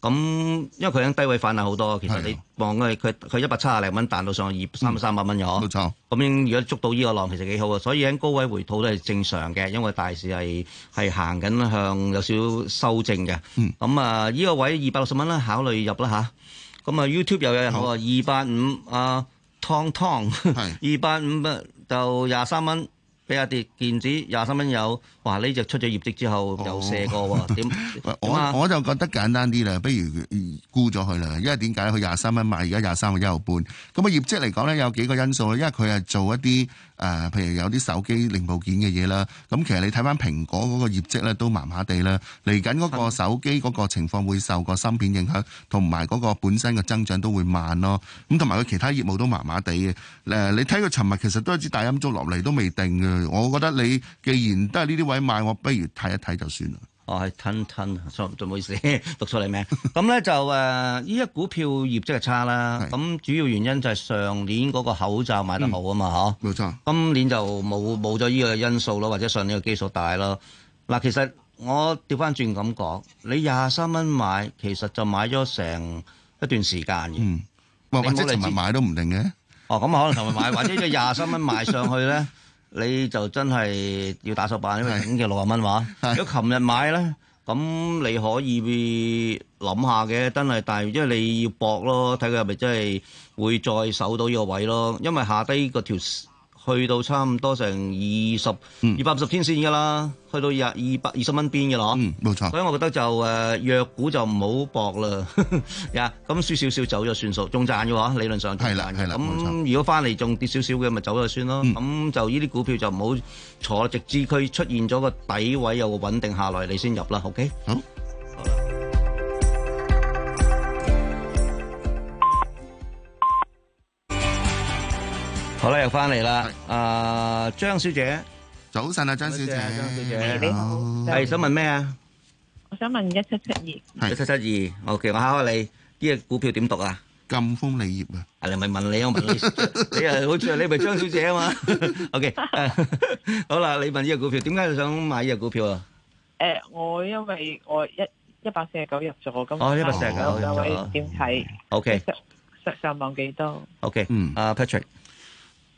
咁、嗯、因為佢喺低位反彈好多，其實你望佢佢佢一百七廿零蚊彈到上去二三三百蚊嘅。冇錯。咁、嗯、錯如果捉到呢個浪，其實幾好啊。所以喺高位回吐都係正常嘅，因為大市係係行緊向有少修正嘅。咁啊、嗯，呢個位二百六十蚊啦，考慮入啦嚇。咁啊 YouTube 又有人喎，二八五啊 Tong Tong 二八五啊就廿三蚊。比亞迪電子廿三蚊有，哇！呢隻出咗業績之後又射過喎，點？我我就覺得簡單啲啦，不如沽咗佢啦。因為點解？佢廿三蚊買，而家廿三個一毫半。咁啊業績嚟講咧，有幾個因素啊。因為佢係做一啲誒，譬如有啲手機零部件嘅嘢啦。咁其實你睇翻蘋果嗰個業績咧，都麻麻地啦。嚟緊嗰個手機嗰個情況會受個芯片影響，同埋嗰個本身嘅增長都會慢咯。咁同埋佢其他業務都麻麻地嘅。誒，你睇佢尋日其實都一支大陰燭落嚟，都未定嘅。我覺得你既然都係呢啲位買我，我不如睇一睇就算啦。哦，係吞吞 s 唔好意思，讀錯你咩？咁咧 就誒，依、呃、個股票業績係差啦。咁是主要原因就係上年嗰個口罩買得好啊嘛，嗬。冇錯。今年就冇冇咗呢個因素咯，或者上年嘅基數大咯。嗱，其實我調翻轉咁講，你廿三蚊買，其實就買咗成一段時間嘅。嗯。或者同埋買都唔定嘅。哦，咁可能同埋買，或者你廿三蚊賣上去咧。 你就真係要打手板，因為五十六啊蚊話。 如果琴日買咧，咁你可以諗下嘅，真係，但係因為你要搏咯，睇佢係咪真係會再守到呢個位咯，因為下低個條。去到差唔多成二十二百五十天線嘅啦，去到廿二百,二,百二十蚊邊嘅咯，嗯，冇錯。所以我覺得就誒弱、呃、股就唔好搏啦，呀，咁輸少少走咗算數，仲賺嘅話，理論上係啦係啦，冇錯。咁如果翻嚟仲跌少少嘅，咪走咗算咯。咁、嗯、就呢啲股票就唔好坐，直至佢出現咗個底位又穩定下來你，你先入啦，OK？嗯，好啦。好啦，又翻嚟啦。誒，張小姐，早晨啊，張小姐。你好。係想問咩啊？我想問一七七二。一七七二，我其實考下你，呢隻股票點讀啊？贛鋒鋰業啊。啊，你咪問你，我問你。你啊，好似你咪張小姐啊嘛。O K，好啦，你問呢隻股票，點解你想買呢隻股票啊？誒，我因為我一一百四十九入咗，咁。哦，一百四十九，兩位點睇？O K，實實上網幾多？O K，嗯，阿 Patrick。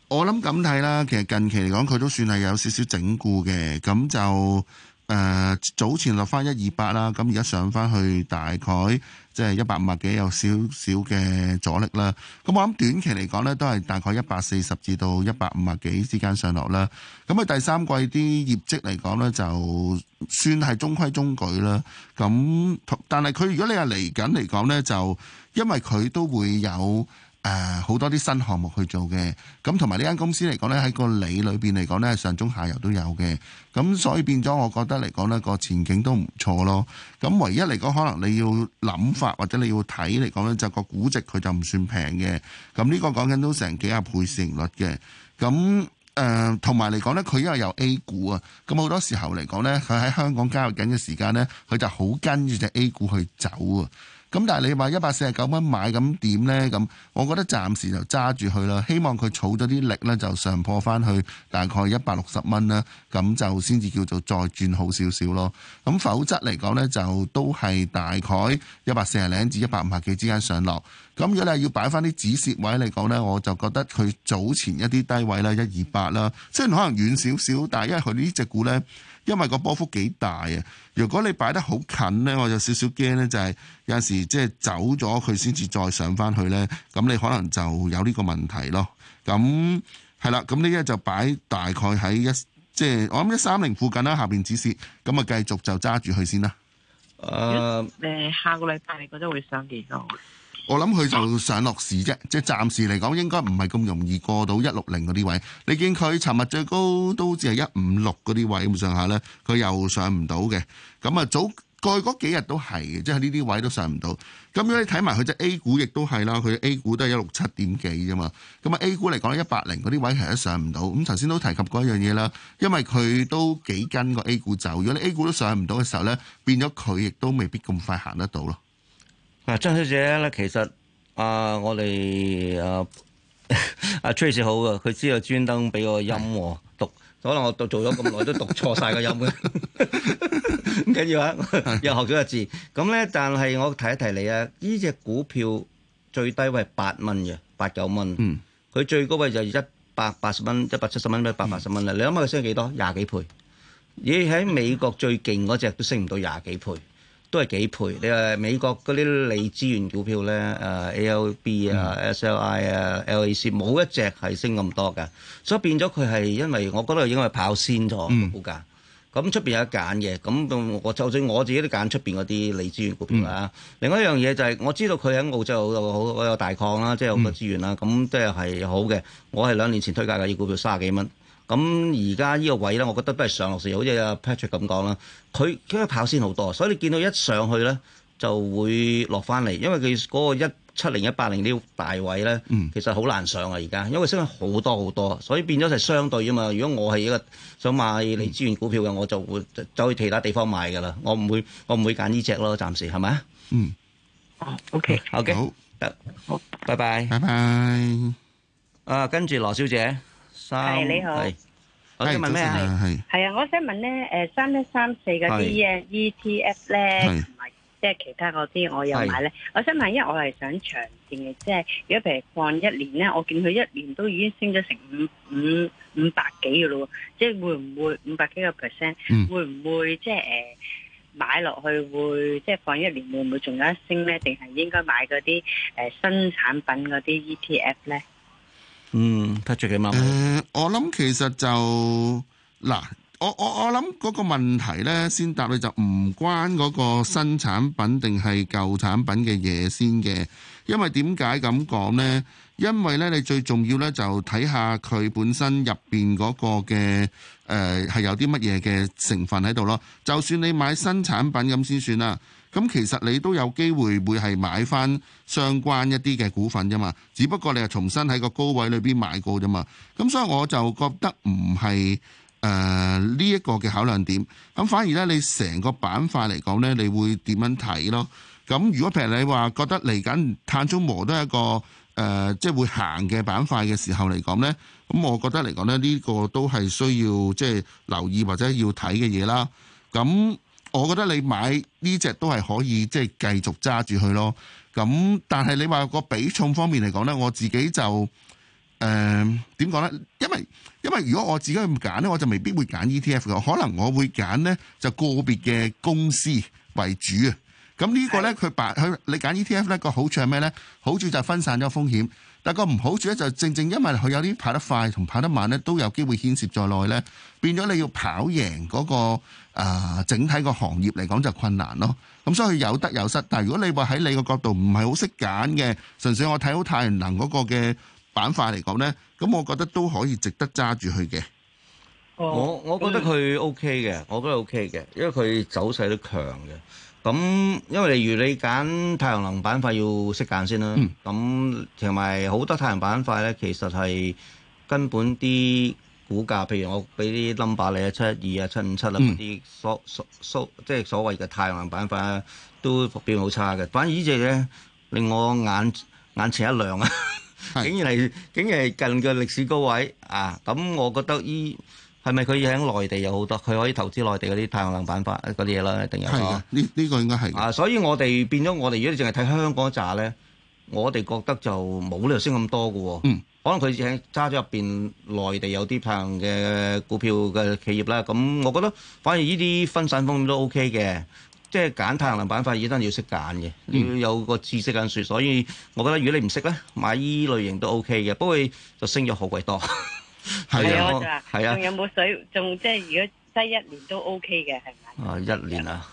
我諗咁睇啦，其實近期嚟講，佢都算係有少少整固嘅，咁就誒早前落翻一二八啦，咁而家上翻去大概即係一百五十幾，有少少嘅阻力啦。咁我諗短期嚟講呢，都係大概一百四十至到一百五十幾之間上落啦。咁佢第三季啲業績嚟講呢，就算係中規中矩啦。咁但係佢如果你係嚟緊嚟講呢，就因為佢都會有。誒，好多啲新項目去做嘅，咁同埋呢間公司嚟講呢，喺個理裏邊嚟講呢係上中下游都有嘅，咁所以變咗，我覺得嚟講呢個前景都唔錯咯。咁唯一嚟講，可能你要諗法或者你要睇嚟講呢就個估值佢就唔算平嘅。咁呢個講緊都成幾廿倍市盈率嘅。咁，誒，同埋嚟講呢佢因為有 A 股啊，咁好多時候嚟講呢佢喺香港交易緊嘅時間呢佢就好跟住隻 A 股去走啊。咁但係你話一百四十九蚊買咁點呢？咁我覺得暫時就揸住佢啦，希望佢儲咗啲力咧就上破翻去大概一百六十蚊啦，咁就先至叫做再轉好少少咯。咁否則嚟講呢，就都係大概一百四十零至一百五十幾之間上落。咁如果你要擺翻啲止蝕位嚟講咧，我就覺得佢早前一啲低位啦，一二八啦，雖然可能遠少少，但係因為佢呢隻股咧，因為個波幅幾大啊。如果你擺得好近咧，我就有少少驚咧，就係、是、有陣時即係走咗佢先至再上翻去咧，咁你可能就有呢個問題咯。咁係啦，咁呢一就擺大概喺一，即、就、係、是、我諗一三零附近啦，下邊止蝕，咁啊繼續就揸住佢先啦。誒，誒下個禮拜你覺得會上幾多？我諗佢就上落市啫，即係暫時嚟講應該唔係咁容易過到一六零嗰啲位。你見佢尋日最高都只係一五六嗰啲位咁上下咧，佢又上唔到嘅。咁啊，早過去嗰幾日都係，即係呢啲位都上唔到。咁如果你睇埋佢隻 A 股，亦都係啦，佢 A 股都係一六七點幾啫嘛。咁啊，A 股嚟講咧，一八零嗰啲位係都上唔到。咁頭先都提及過一樣嘢啦，因為佢都幾跟個 A 股走。如果你 A 股都上唔到嘅時候咧，變咗佢亦都未必咁快行得到咯。嗱，張小姐咧，其實啊，我哋啊，阿 Trace 好啊，佢知道專登俾個音我讀，可能我讀做咗咁耐都讀錯曬個音嘅，唔緊要啊！又學咗個字。咁咧，但係我提一提你啊，呢隻股票最低位八蚊嘅，八九蚊。嗯。佢最高位就一百八十蚊，一百七十蚊，一百八十蚊啦。你諗下佢升幾多？廿幾倍。而喺美國最勁嗰隻都升唔到廿幾倍。.都係幾倍，你話美國嗰啲鋰資源股票咧，誒 A L B 啊、uh, S、uh, L I 啊 L A C 冇一隻係升咁多嘅，所以變咗佢係因為我覺得應該係跑先咗、嗯、個股價，咁出邊有得揀嘅，咁我就算我自己都揀出邊嗰啲鋰資源股票啊。嗯、另外一樣嘢就係我知道佢喺澳洲有好有大礦啦，即、就、係、是、有個資源啦，咁、嗯、都係係好嘅。我係兩年前推介嘅，要股票卅幾蚊。咁而家呢個位咧，我覺得不如上落市，好似阿 Patrick 咁講啦。佢佢跑先好多，所以你見到一上去咧就會落翻嚟，因為佢嗰個一七零、一八零啲大位咧，其實好難上啊！而家因為升咗好多好多，所以變咗係相對啊嘛。如果我係一個想買嚟資源股票嘅，我就會走去其他地方買噶啦。我唔會我唔會揀呢隻咯，暫時係咪嗯。哦、okay，OK，OK，Okay? 好，好，拜拜，拜拜 bye。啊，跟住羅小姐。係 3, 你好，我想問咩係是？係啊，我想問咧，誒，三一三四嗰啲 ETF 咧，同埋即係其他嗰啲，我又買咧。我想問，因為我係想長線嘅，即係如果譬如放一年咧，我見佢一年都已經升咗成五五五百幾嘅咯，即係會唔會五百幾個 percent？會唔會即係誒買落去會即係放一年會唔會仲有得升咧？定係應該買嗰啲誒新產品嗰啲 ETF 咧？嗯，突出嘅，誒，我諗其實就嗱，我我我諗嗰個問題呢，先答你就唔關嗰個新產品定係舊產品嘅嘢先嘅，因為點解咁講呢？因為呢，你最重要呢，就睇下佢本身入邊嗰個嘅誒係有啲乜嘢嘅成分喺度咯。就算你買新產品咁先算啦。咁其實你都有機會會係買翻相關一啲嘅股份啫嘛，只不過你係重新喺個高位裏邊買過啫嘛。咁所以我就覺得唔係誒呢一個嘅考量點。咁反而咧，你成個板塊嚟講咧，你會點樣睇咯？咁如果譬如你話覺得嚟緊碳中和都係一個誒，即係會行嘅板塊嘅時候嚟講咧，咁我覺得嚟講咧，呢個都係需要即係留意或者要睇嘅嘢啦。咁我覺得你買呢隻都係可以即係繼續揸住佢咯。咁但係你話個比重方面嚟講呢，我自己就誒點講呢？因為因為如果我自己去揀呢，我就未必會揀 ETF 嘅，可能我會揀呢，就個別嘅公司為主。咁呢個呢，佢白佢你揀 E T F 呢個好處係咩呢？好處就分散咗風險，但係個唔好處咧就正正因為佢有啲跑得快同跑得慢呢，都有機會牽涉在內呢，變咗你要跑贏嗰、嗰個啊、呃、整體個行業嚟講就困難咯。咁所以佢有得有失。但係如果你話喺你個角度唔係好識揀嘅，純粹我睇好太陽能嗰個嘅板塊嚟講呢，咁我覺得都可以值得揸住佢嘅。我我覺得佢 O K 嘅，我覺得 O K 嘅，因為佢走勢都強嘅。咁，嗯、因為例如你揀太陽能板塊要識揀先啦、啊。咁同埋好多太陽板塊咧，其實係根本啲股價，譬如我俾啲 number 你啊，七二啊，七五七啊，啲所所即係所謂嘅太陽能板塊啊，都變好差嘅。反而隻呢隻咧令我眼眼前一亮啊！是 竟然係竟然係近嘅歷史高位啊！咁我覺得依係咪佢喺內地有好多？佢可以投資內地嗰啲太陽能板塊嗰啲嘢啦，定有。係㗎，呢、這、呢個應該係。啊，所以我哋變咗，我哋如果淨係睇香港一紮咧，我哋覺得就冇理由升咁多嘅喎。嗯、可能佢淨揸咗入邊內地有啲太陽嘅股票嘅企業啦。咁我覺得反而呢啲分散風險都 OK 嘅，即係揀太陽能板塊，已經真係要識揀嘅，要有個知識嘅識。所以，我覺得如果你唔識咧，買依類型都 OK 嘅，不過佢就升咗好鬼多。 係啊，係啊，有冇水？仲即係如果低一年都 OK 嘅，係咪？啊，一年啊，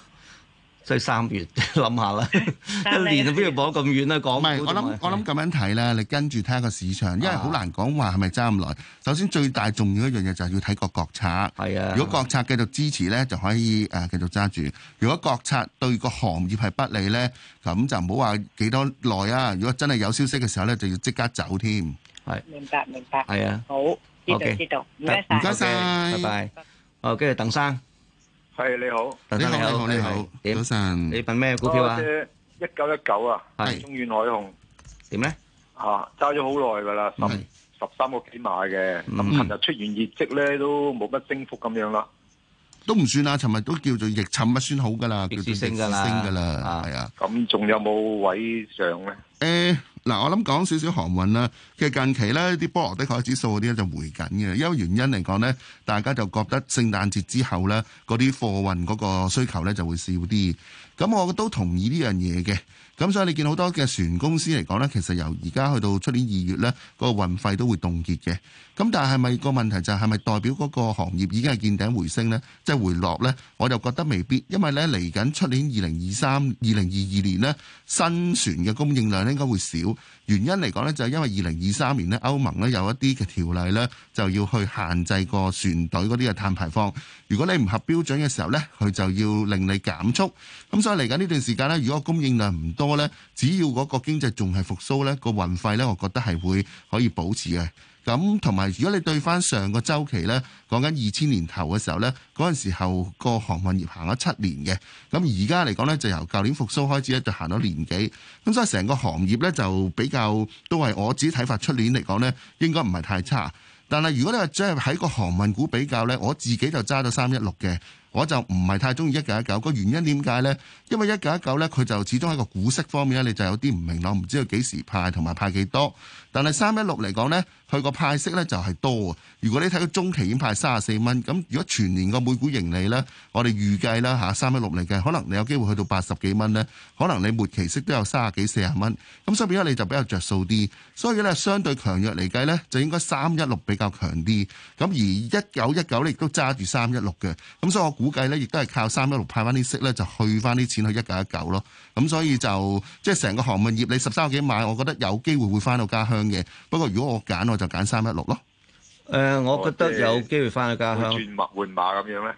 追三月諗下啦，一年啊，邊度講咁遠啦。講唔係，我諗是我諗咁樣睇啦，你跟住睇下個市場，因為好難講話係咪揸咁耐。首先最大重要一樣嘢就係要睇個國策，係啊。如果國策繼續支持咧，就可以誒繼續揸住。如果國策對個行業係不利咧，咁就唔好話幾多耐啊。如果真係有消息嘅時候咧，就要即刻走添。係明白明白，係啊，好。知道知道，唔該晒，唔該晒，拜拜。哦，跟住鄧生，係你好，鄧生你好，你好，早晨。你份咩股票啊？一九一九啊，係中遠海控。點咧？啊，揸咗好耐噶啦，十十三個幾買嘅，咁琴日出完業績咧，都冇乜升幅咁樣啦。都唔算啊，尋日都叫做逆沉乜算好噶啦，叫啲升噶啦，係啊。咁仲有冇位上咧？誒。嗱、啊，我諗講少少航運啦，其實近期咧啲波羅的海指數嗰啲就回緊嘅，因為原因嚟講咧，大家就覺得聖誕節之後咧，嗰啲貨運嗰個需求咧就會少啲，咁我都同意呢樣嘢嘅。咁所以你見好多嘅船公司嚟講咧，其實由而家去到出年二月咧，個運費都會凍結嘅。咁但係係咪個問題就係係咪代表嗰個行業已經係見頂回升咧，即係回落咧？我就覺得未必，因為咧嚟緊出年二零二三、二零二二年咧，新船嘅供應量應該會少。原因嚟講咧，就係因為二零二三年咧，歐盟咧有一啲嘅條例咧，就要去限制個船隊嗰啲嘅碳排放。如果你唔合標準嘅時候咧，佢就要令你減速。咁所以嚟緊呢段時間咧，如果供應量唔多，.只要嗰個經濟仲係復甦，呢個運費呢，我覺得係會可以保持嘅。咁同埋，如果你對翻上個週期呢，講緊二千年頭嘅時候呢，嗰陣時候個航運業行咗七年嘅。咁而家嚟講呢，就由舊年復甦開始咧，就行咗年幾。咁所以成個行業呢，就比較都係我自己睇法。出年嚟講呢，應該唔係太差。但係如果你話即係喺個航運股比較呢，我自己就揸咗三一六嘅。我就唔係太中意一九一九。個原因點解呢？因為一九一九咧，佢就始終喺個股息方面咧，你就有啲唔明朗，唔知佢幾時派同埋派幾多。但係三一六嚟講咧。佢個派息咧就係多。如果你睇到中期已經派三十四蚊，咁如果全年個每股盈利咧，我哋預計啦嚇三一六嚟計，可能你有機會去到八十幾蚊咧，可能你末期息都有三十幾四十蚊。咁所以變咗你就比較着數啲，所以咧相對強弱嚟計咧，就應該三一六比較強啲。咁而一九一九咧亦都揸住三一六嘅，咁所以我估計咧亦都係靠三一六派翻啲息咧，就去翻啲錢去一九一九咯。咁所以就即係成個航運業你十三個幾買，我覺得有機會會翻到家鄉嘅。不過如果我揀我就揀三一六咯。誒、呃，我覺得有機會翻去家鄉。換馬換馬咁樣咧，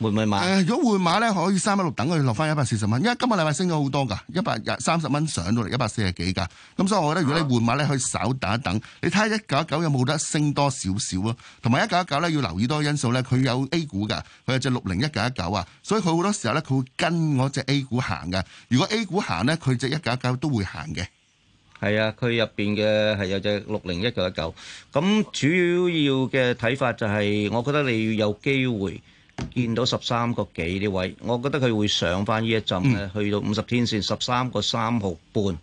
換唔換馬？如果換馬咧，可以三一六等佢落翻一百四十蚊。因為今日禮拜升咗好多噶，一百三十蚊上到嚟，一百四十幾噶。咁所以我覺得如果你換馬咧，可以稍等一等。你睇下一九一九有冇得升多少少咯？同埋一九一九咧，要留意多因素咧，佢有 A 股噶，佢有隻六零一九一九啊，19 19，所以佢好多時候咧，佢會跟我隻 A 股行噶。如果 A 股行咧，佢隻一九一九都會行嘅。係啊，佢入面嘅係有隻六零一九一九，咁主要嘅睇法就係、是，我覺得你要有機會見到十三個幾呢位，我覺得佢會上返呢一陣咧，嗯、去到五十天線十三個三毫半。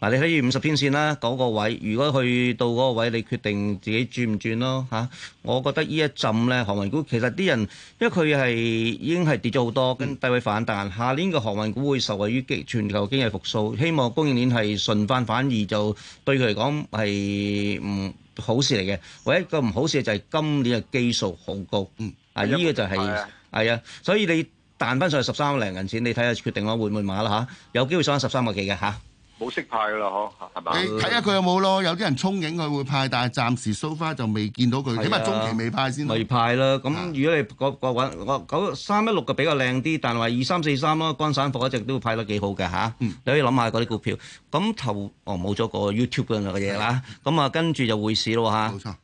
嗱，你可以五十天線啦，嗰個位。如果去到嗰個位，你決定自己轉唔轉咯嚇，啊。我覺得呢一陣咧，航運股其實啲人，因為佢係已經係跌咗好多，跟低位反彈。下年嘅航運股會受惠於全球經濟復甦，希望供應鏈係順翻反而就對佢嚟講係唔好事嚟嘅。唯一一個唔好事嘅就係今年嘅基數好高，嗯啊，依個就係係啊，所以你彈翻上去十三個零銀錢，你睇下決定我換唔換碼啦嚇，啊？有機會上翻十三個幾嘅嚇。啊。冇識派噶啦，嗬，係嘛、呃？你睇下佢有冇咯？有啲人憧憬佢會派，但係暫時 so far 就未見到佢。起啊？起碼中期未派先未派啦。咁如果你個個揾我三一六嘅比較靚啲，但係二三四三咯，乾散貨一直都會派得幾好嘅嚇。啊嗯、你可以諗下嗰啲股票。咁投，哦冇咗個 YouTube 嘅嘢啦。咁啊，跟住、嗯、就匯市咯嚇。冇錯。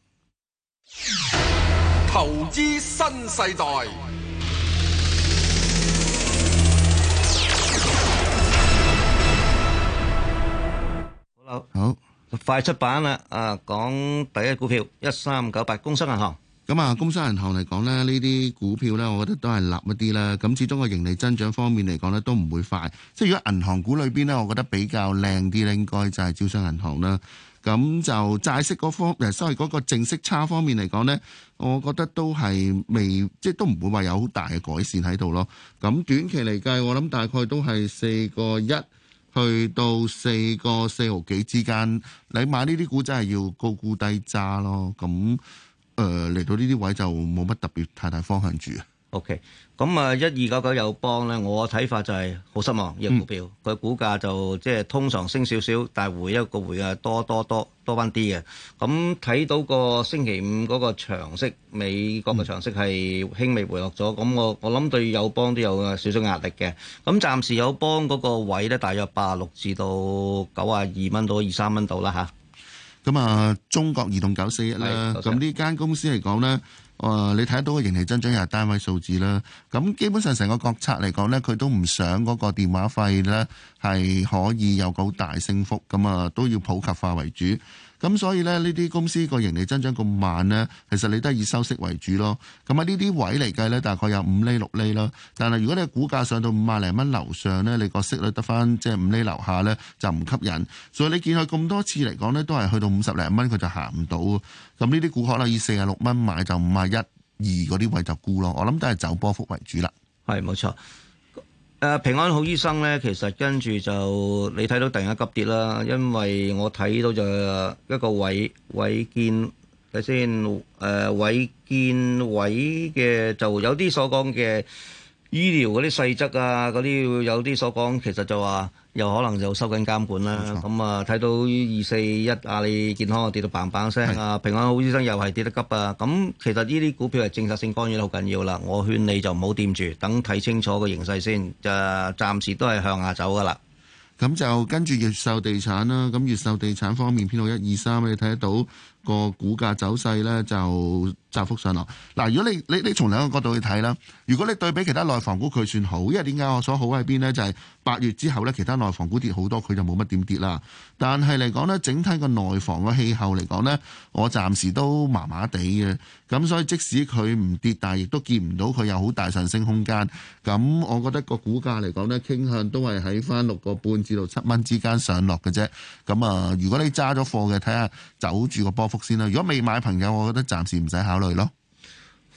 投資新世代。好，快出版啦！啊，講第一股票一三九八工商銀行。咁啊，工商銀行嚟講咧，呢啲股票咧，我覺得都係立一啲啦。咁始終個盈利增長方面嚟講咧，都唔會快。即係如果銀行股裏邊咧，我覺得比較靚啲咧，應該就係招商銀行啦。咁就債息嗰方誒，所謂嗰個正息差方面嚟講咧，我覺得都係未，即係都唔會話有好大嘅改善喺度咯。咁短期嚟計，我諗大概都係四個一。去到四個四毫幾之間，你買呢啲股真係要高估低揸咯。咁、嗯，誒、呃、嚟到呢啲位就冇乜特別太大方向住。O K，咁啊，一二九九友邦咧，我睇法，就係好失望，呢、這個股票，佢、嗯、股價就即係通常升少少，但係回一個回啊，多多多多翻啲嘅。咁睇到個星期五嗰個長息美嗰個長息係輕微回落咗，咁、嗯、我我諗對友邦都有少少壓力嘅。咁暫時友邦嗰個位咧，大約八十六至到九十二蚊到二三蚊度啦吓。咁啊、呃，中國移動九四一咧，咁呢間公司嚟講咧。誒、呃，你睇到嘅盈利增長又係單位數字啦。咁基本上成個國策嚟講咧，佢都唔想嗰個電話費咧係可以有個好大升幅。咁啊，都要普及化為主。咁所以咧，呢啲公司個盈利增長咁慢呢，其實你都係以收息為主咯。咁喺呢啲位嚟計呢，大概有五厘六厘啦。但係如果你係股價上到五萬零蚊樓上呢，你個息率得翻即係五厘樓下呢，就唔吸引。所以你見佢咁多次嚟講呢，都係去到五十零蚊佢就行唔到。咁呢啲股可能以四啊六蚊買就五啊一二嗰啲位就沽咯。我諗都係走波幅為主啦。係，冇錯。誒平安好醫生咧，其實跟住就你睇到突然間急跌啦，因為我睇到就一個衛、衛健委睇先，誒衛健委嘅就有啲所講嘅醫療嗰啲細則啊，嗰啲有啲所講其實就話。又可能就收緊監管啦，咁錯啊睇到二四一阿里健康跌到嘭嘭聲啊，平安好醫生又係跌得急啊，咁其實呢啲股票係政策性干預好緊要啦，我勸你就唔好掂住，等睇清楚個形勢先，就、啊、暫時都係向下走噶啦。咁就跟住越秀地產啦，咁越秀地產方面編號一二三，你睇得到。個股價走勢咧就窄幅上落。嗱，如果你你你從兩個角度去睇啦，如果你對比其他內房股，佢算好，因為點解我所好喺邊呢？就係八月之後咧，其他內房股跌好多，佢就冇乜點跌啦。但係嚟講呢，整體個內房個氣候嚟講呢，我暫時都麻麻地嘅。咁所以即使佢唔跌，但係亦都見唔到佢有好大上升空間。咁我覺得個股價嚟講呢，傾向都係喺翻六個半至到七蚊之間上落嘅啫。咁啊，如果你揸咗貨嘅，睇下走住個波先啦，如果未買朋友，我覺得暫時唔使考慮咯。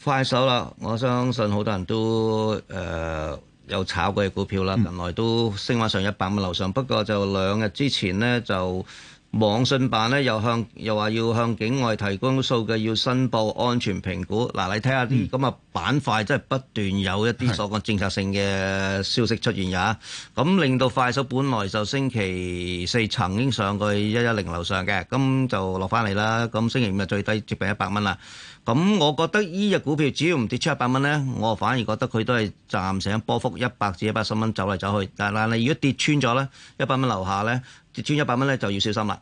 快手啦，我相信好多人都誒、呃、有炒過嘅股票啦，嗯、原來都升翻上一百蚊樓上，不過就兩日之前呢，就。網信辦咧，又向又話要向境外提供數據要申報安全評估，嗱、啊、你睇下啲咁啊板塊真係不斷有一啲所謂政策性嘅消息出現呀，咁是令到快手本來就星期四曾經上到一一零樓上嘅，咁就落翻嚟啦，咁星期五就最低接近一百蚊啦。咁我覺得依隻股票只要唔跌出一百蚊咧，我反而覺得佢都係暫時喺波幅一百至一百十蚊走嚟走去。但係，但係如果跌穿咗咧，一百蚊樓下咧，跌穿一百蚊咧就要小心啦。誒、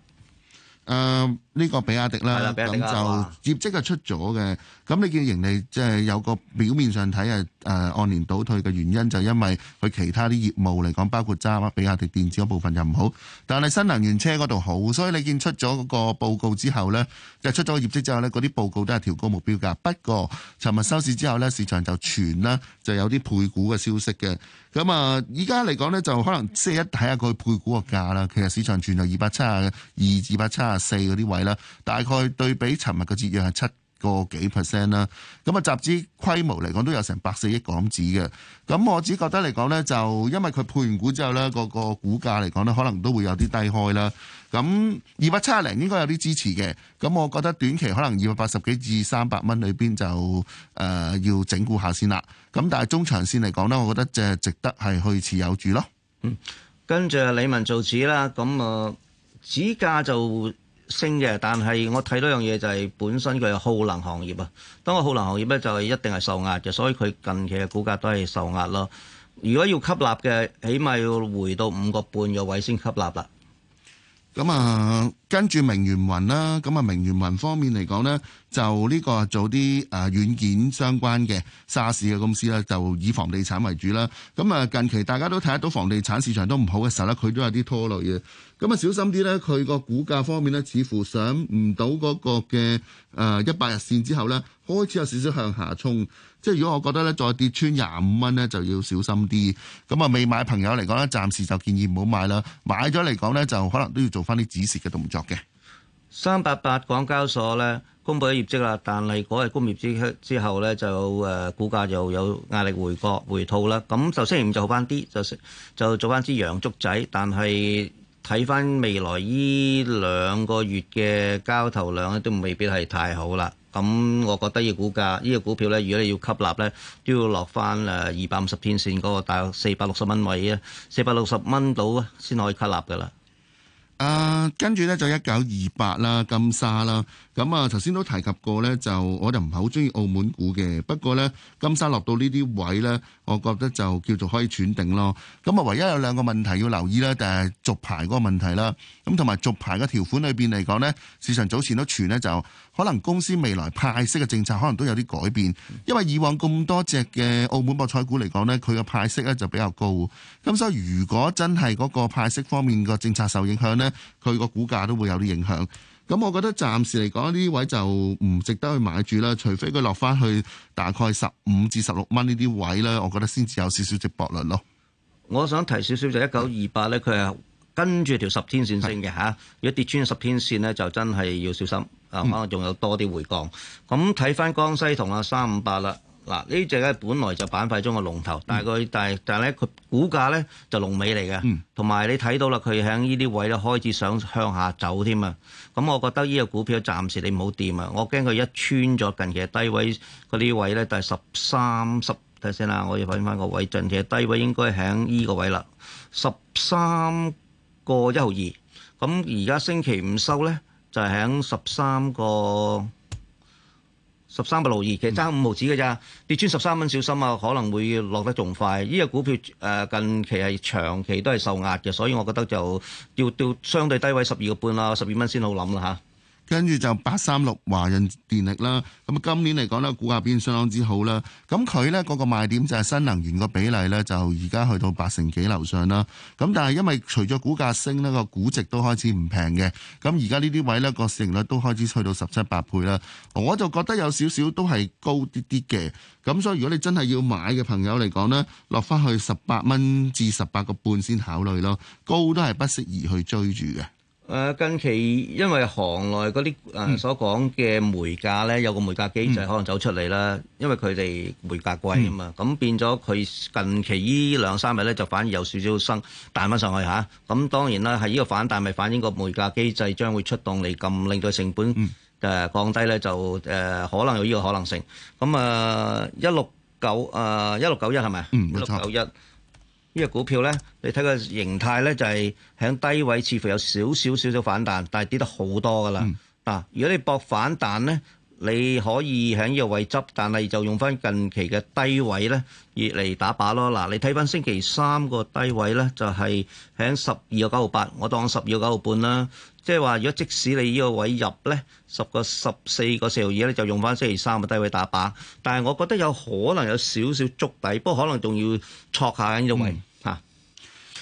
呃，呢、呢個比亞迪啦，係啦，比亞迪咁就業績係出咗嘅，咁你見盈利即係有個表面上睇係。誒、呃、按年倒退嘅原因就因為佢其他啲業務嚟講，包括揸翻比亞迪電子嗰部分就唔好，但係新能源車嗰度好，所以你見出咗個報告之後呢，即係、出咗業績之後呢，嗰啲報告都係調高目標價。不過尋日收市之後呢，市場就傳啦，就有啲配股嘅消息嘅。咁啊，依家嚟講呢，就可能即係一睇下佢配股個價啦。其實市場傳到二百七十二、二百七十四嗰啲位啦，大概對比尋日嘅節約係七個幾 percent 啦，咁啊集資規模嚟講都有成百四億港紙嘅，咁我只覺得嚟講咧，就因為佢配完股之後咧，個個股價嚟講咧，可能都會有啲低開啦。咁二百七廿零應該有啲支持嘅，咁我覺得短期可能二百八十幾至三百蚊裏邊就誒要整固下先啦。咁但係中長線嚟講咧，我覺得就係值得係去持有住咯。嗯，跟住李文做指啦，咁啊、呃、指價就。升嘅，但係我睇到樣嘢就係本身佢係耗能行業啊。當個耗能行業咧就係一定係受壓嘅，所以佢近期嘅股價都係受壓咯。如果要吸納嘅，起碼要回到五個半嘅位先吸納啦。咁啊，跟住明源雲啦,咁啊明源雲方面嚟講咧，就呢個做啲誒軟件相關嘅沙士嘅公司啦，就以房地產為主啦。咁啊，近期大家都睇得到房地產市場都唔好嘅時候咧，佢都有啲拖累嘅。咁啊，小心啲咧！佢個股價方面咧，似乎上唔到嗰個嘅誒一百日線之後咧，開始有少少向下衝。即係如果我覺得咧，再跌穿廿五蚊咧，25，就要小心啲。咁啊，未買朋友嚟講咧，暫時就建議唔好買啦。買咗嚟講咧，就可能都要做翻啲止蝕嘅動作嘅。三八八港交所咧，公布咗業績啦，但係嗰日公佈業績之後咧，就誒股價又有壓力回國回吐啦。咁就星期五就好翻啲，就就做翻支陽燭仔，但係。睇翻未來依兩個月嘅交投量都未必係太好啦。咁我覺得依個股價、依、這個股票咧，如果你要吸納呢，都要落翻二百五十天線嗰個大概四百六十蚊位，四百六十蚊到啊，先可以吸納噶啦。啊，跟住呢就一九二八啦，金沙啦，咁啊，頭先都提及過呢，就我就唔係好中意澳門股嘅，不過呢，金沙落到呢啲位呢，我覺得就叫做可以斷定咯。咁啊，唯一有兩個問題要留意咧，就係續牌嗰個問題啦，咁同埋續牌嘅條款裏邊嚟講呢，市場早前都傳呢就。可能公司未來派息嘅政策可能都有啲改變，因為以往咁多隻嘅澳門博彩股嚟講呢，佢嘅派息呢就比較高。咁所以如果真係嗰個派息方面嘅政策受影響呢，佢個股價都會有啲影響。咁我覺得暫時嚟講呢啲位就唔值得去買住啦，除非佢落翻去大概十五至十六蚊呢啲位呢，我覺得先至有少少值博率咯。我想提少少就一九二八呢，佢係跟住條十天線升嘅嚇，的如果跌穿十天線呢，就真係要小心。啊，可能仲有多啲回降。咁睇翻江西同阿三五八啦，嗱，呢隻咧，本來就板塊中嘅龍頭，嗯、但係佢但係但係咧佢股價咧就龍尾嚟嘅，同埋、嗯、你睇到啦，佢喺呢啲位咧開始想向下走添啊。咁、嗯、我覺得呢個股票暫時你唔好掂啊，我驚佢一穿咗近期低位嗰啲位咧，但係十三十睇先啦，我要揾翻個位。近期低位應該喺呢個位啦，十三個一毫二。咁而家星期五收咧。就係喺十三個十三百六二，62, 其實差五毫子嘅咋跌穿十三蚊，小心啊，可能會落得仲快。呢個股票誒近期係長期都係受壓嘅，所以我覺得就要要,要相對低位十二個半啦，十二蚊先好諗啦嚇。跟住就八三六華潤電力啦，咁今年嚟講咧，股價變相當之好啦。咁佢呢嗰個賣點就係新能源個比例呢，就而家去到八成幾樓上啦。咁但係因為除咗股價升呢個估值都開始唔平嘅。咁而家呢啲位呢個市盈率都開始去到十七八倍啦。我就覺得有少少都係高啲啲嘅。咁所以如果你真係要買嘅朋友嚟講呢，落翻去十八蚊至十八個半先考慮咯。高都係不適宜去追住嘅。誒近期因為行內嗰啲誒所講嘅煤價咧，有個煤價機制可能走出嚟啦，因為佢哋煤價貴啊嘛，咁變咗佢近期依兩三日咧就反而有少少生彈翻上去嚇，咁當然啦，係依個反彈咪反映個煤價機制將會出動嚟，咁令到成本誒降低咧，就誒可能有依個可能性。咁啊，一六九誒一六九一係咪？嗯，一六九一。呢個股票咧，你睇個形態咧，就係、是、喺低位，似乎有少少少少反彈，但係跌得好多噶啦。嗱、嗯啊，如果你搏反彈咧，你可以喺呢個位執，但係就用翻近期嘅低位咧，而嚟打靶咯。嗱，你睇翻星期三個低位咧，就係喺十二個九毫八，我當十二個九毫半啦。即係話，如果即使你呢個位入咧，十個十四個四毫二咧，就用翻星期三嘅低位打靶。但係，我覺得有可能有少少築底，不過可能仲要戳下呢個位嚇。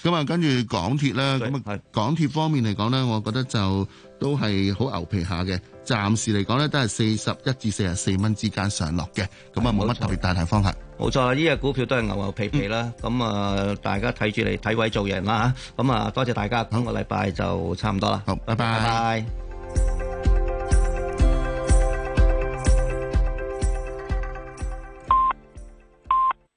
咁、嗯、啊，跟住港鐵咧，咁啊對，港鐵方面嚟講咧，我覺得就都係好牛皮下嘅。暫時嚟講咧，都係四十一至四十四蚊之間上落嘅，咁啊冇乜特別大嘅方向。冇錯，呢隻股票都係牛牛皮皮啦，咁啊、嗯、大家睇住嚟睇位做人啦，咁啊多謝大家，今個禮拜就差唔多啦。好，拜拜。拜拜拜拜。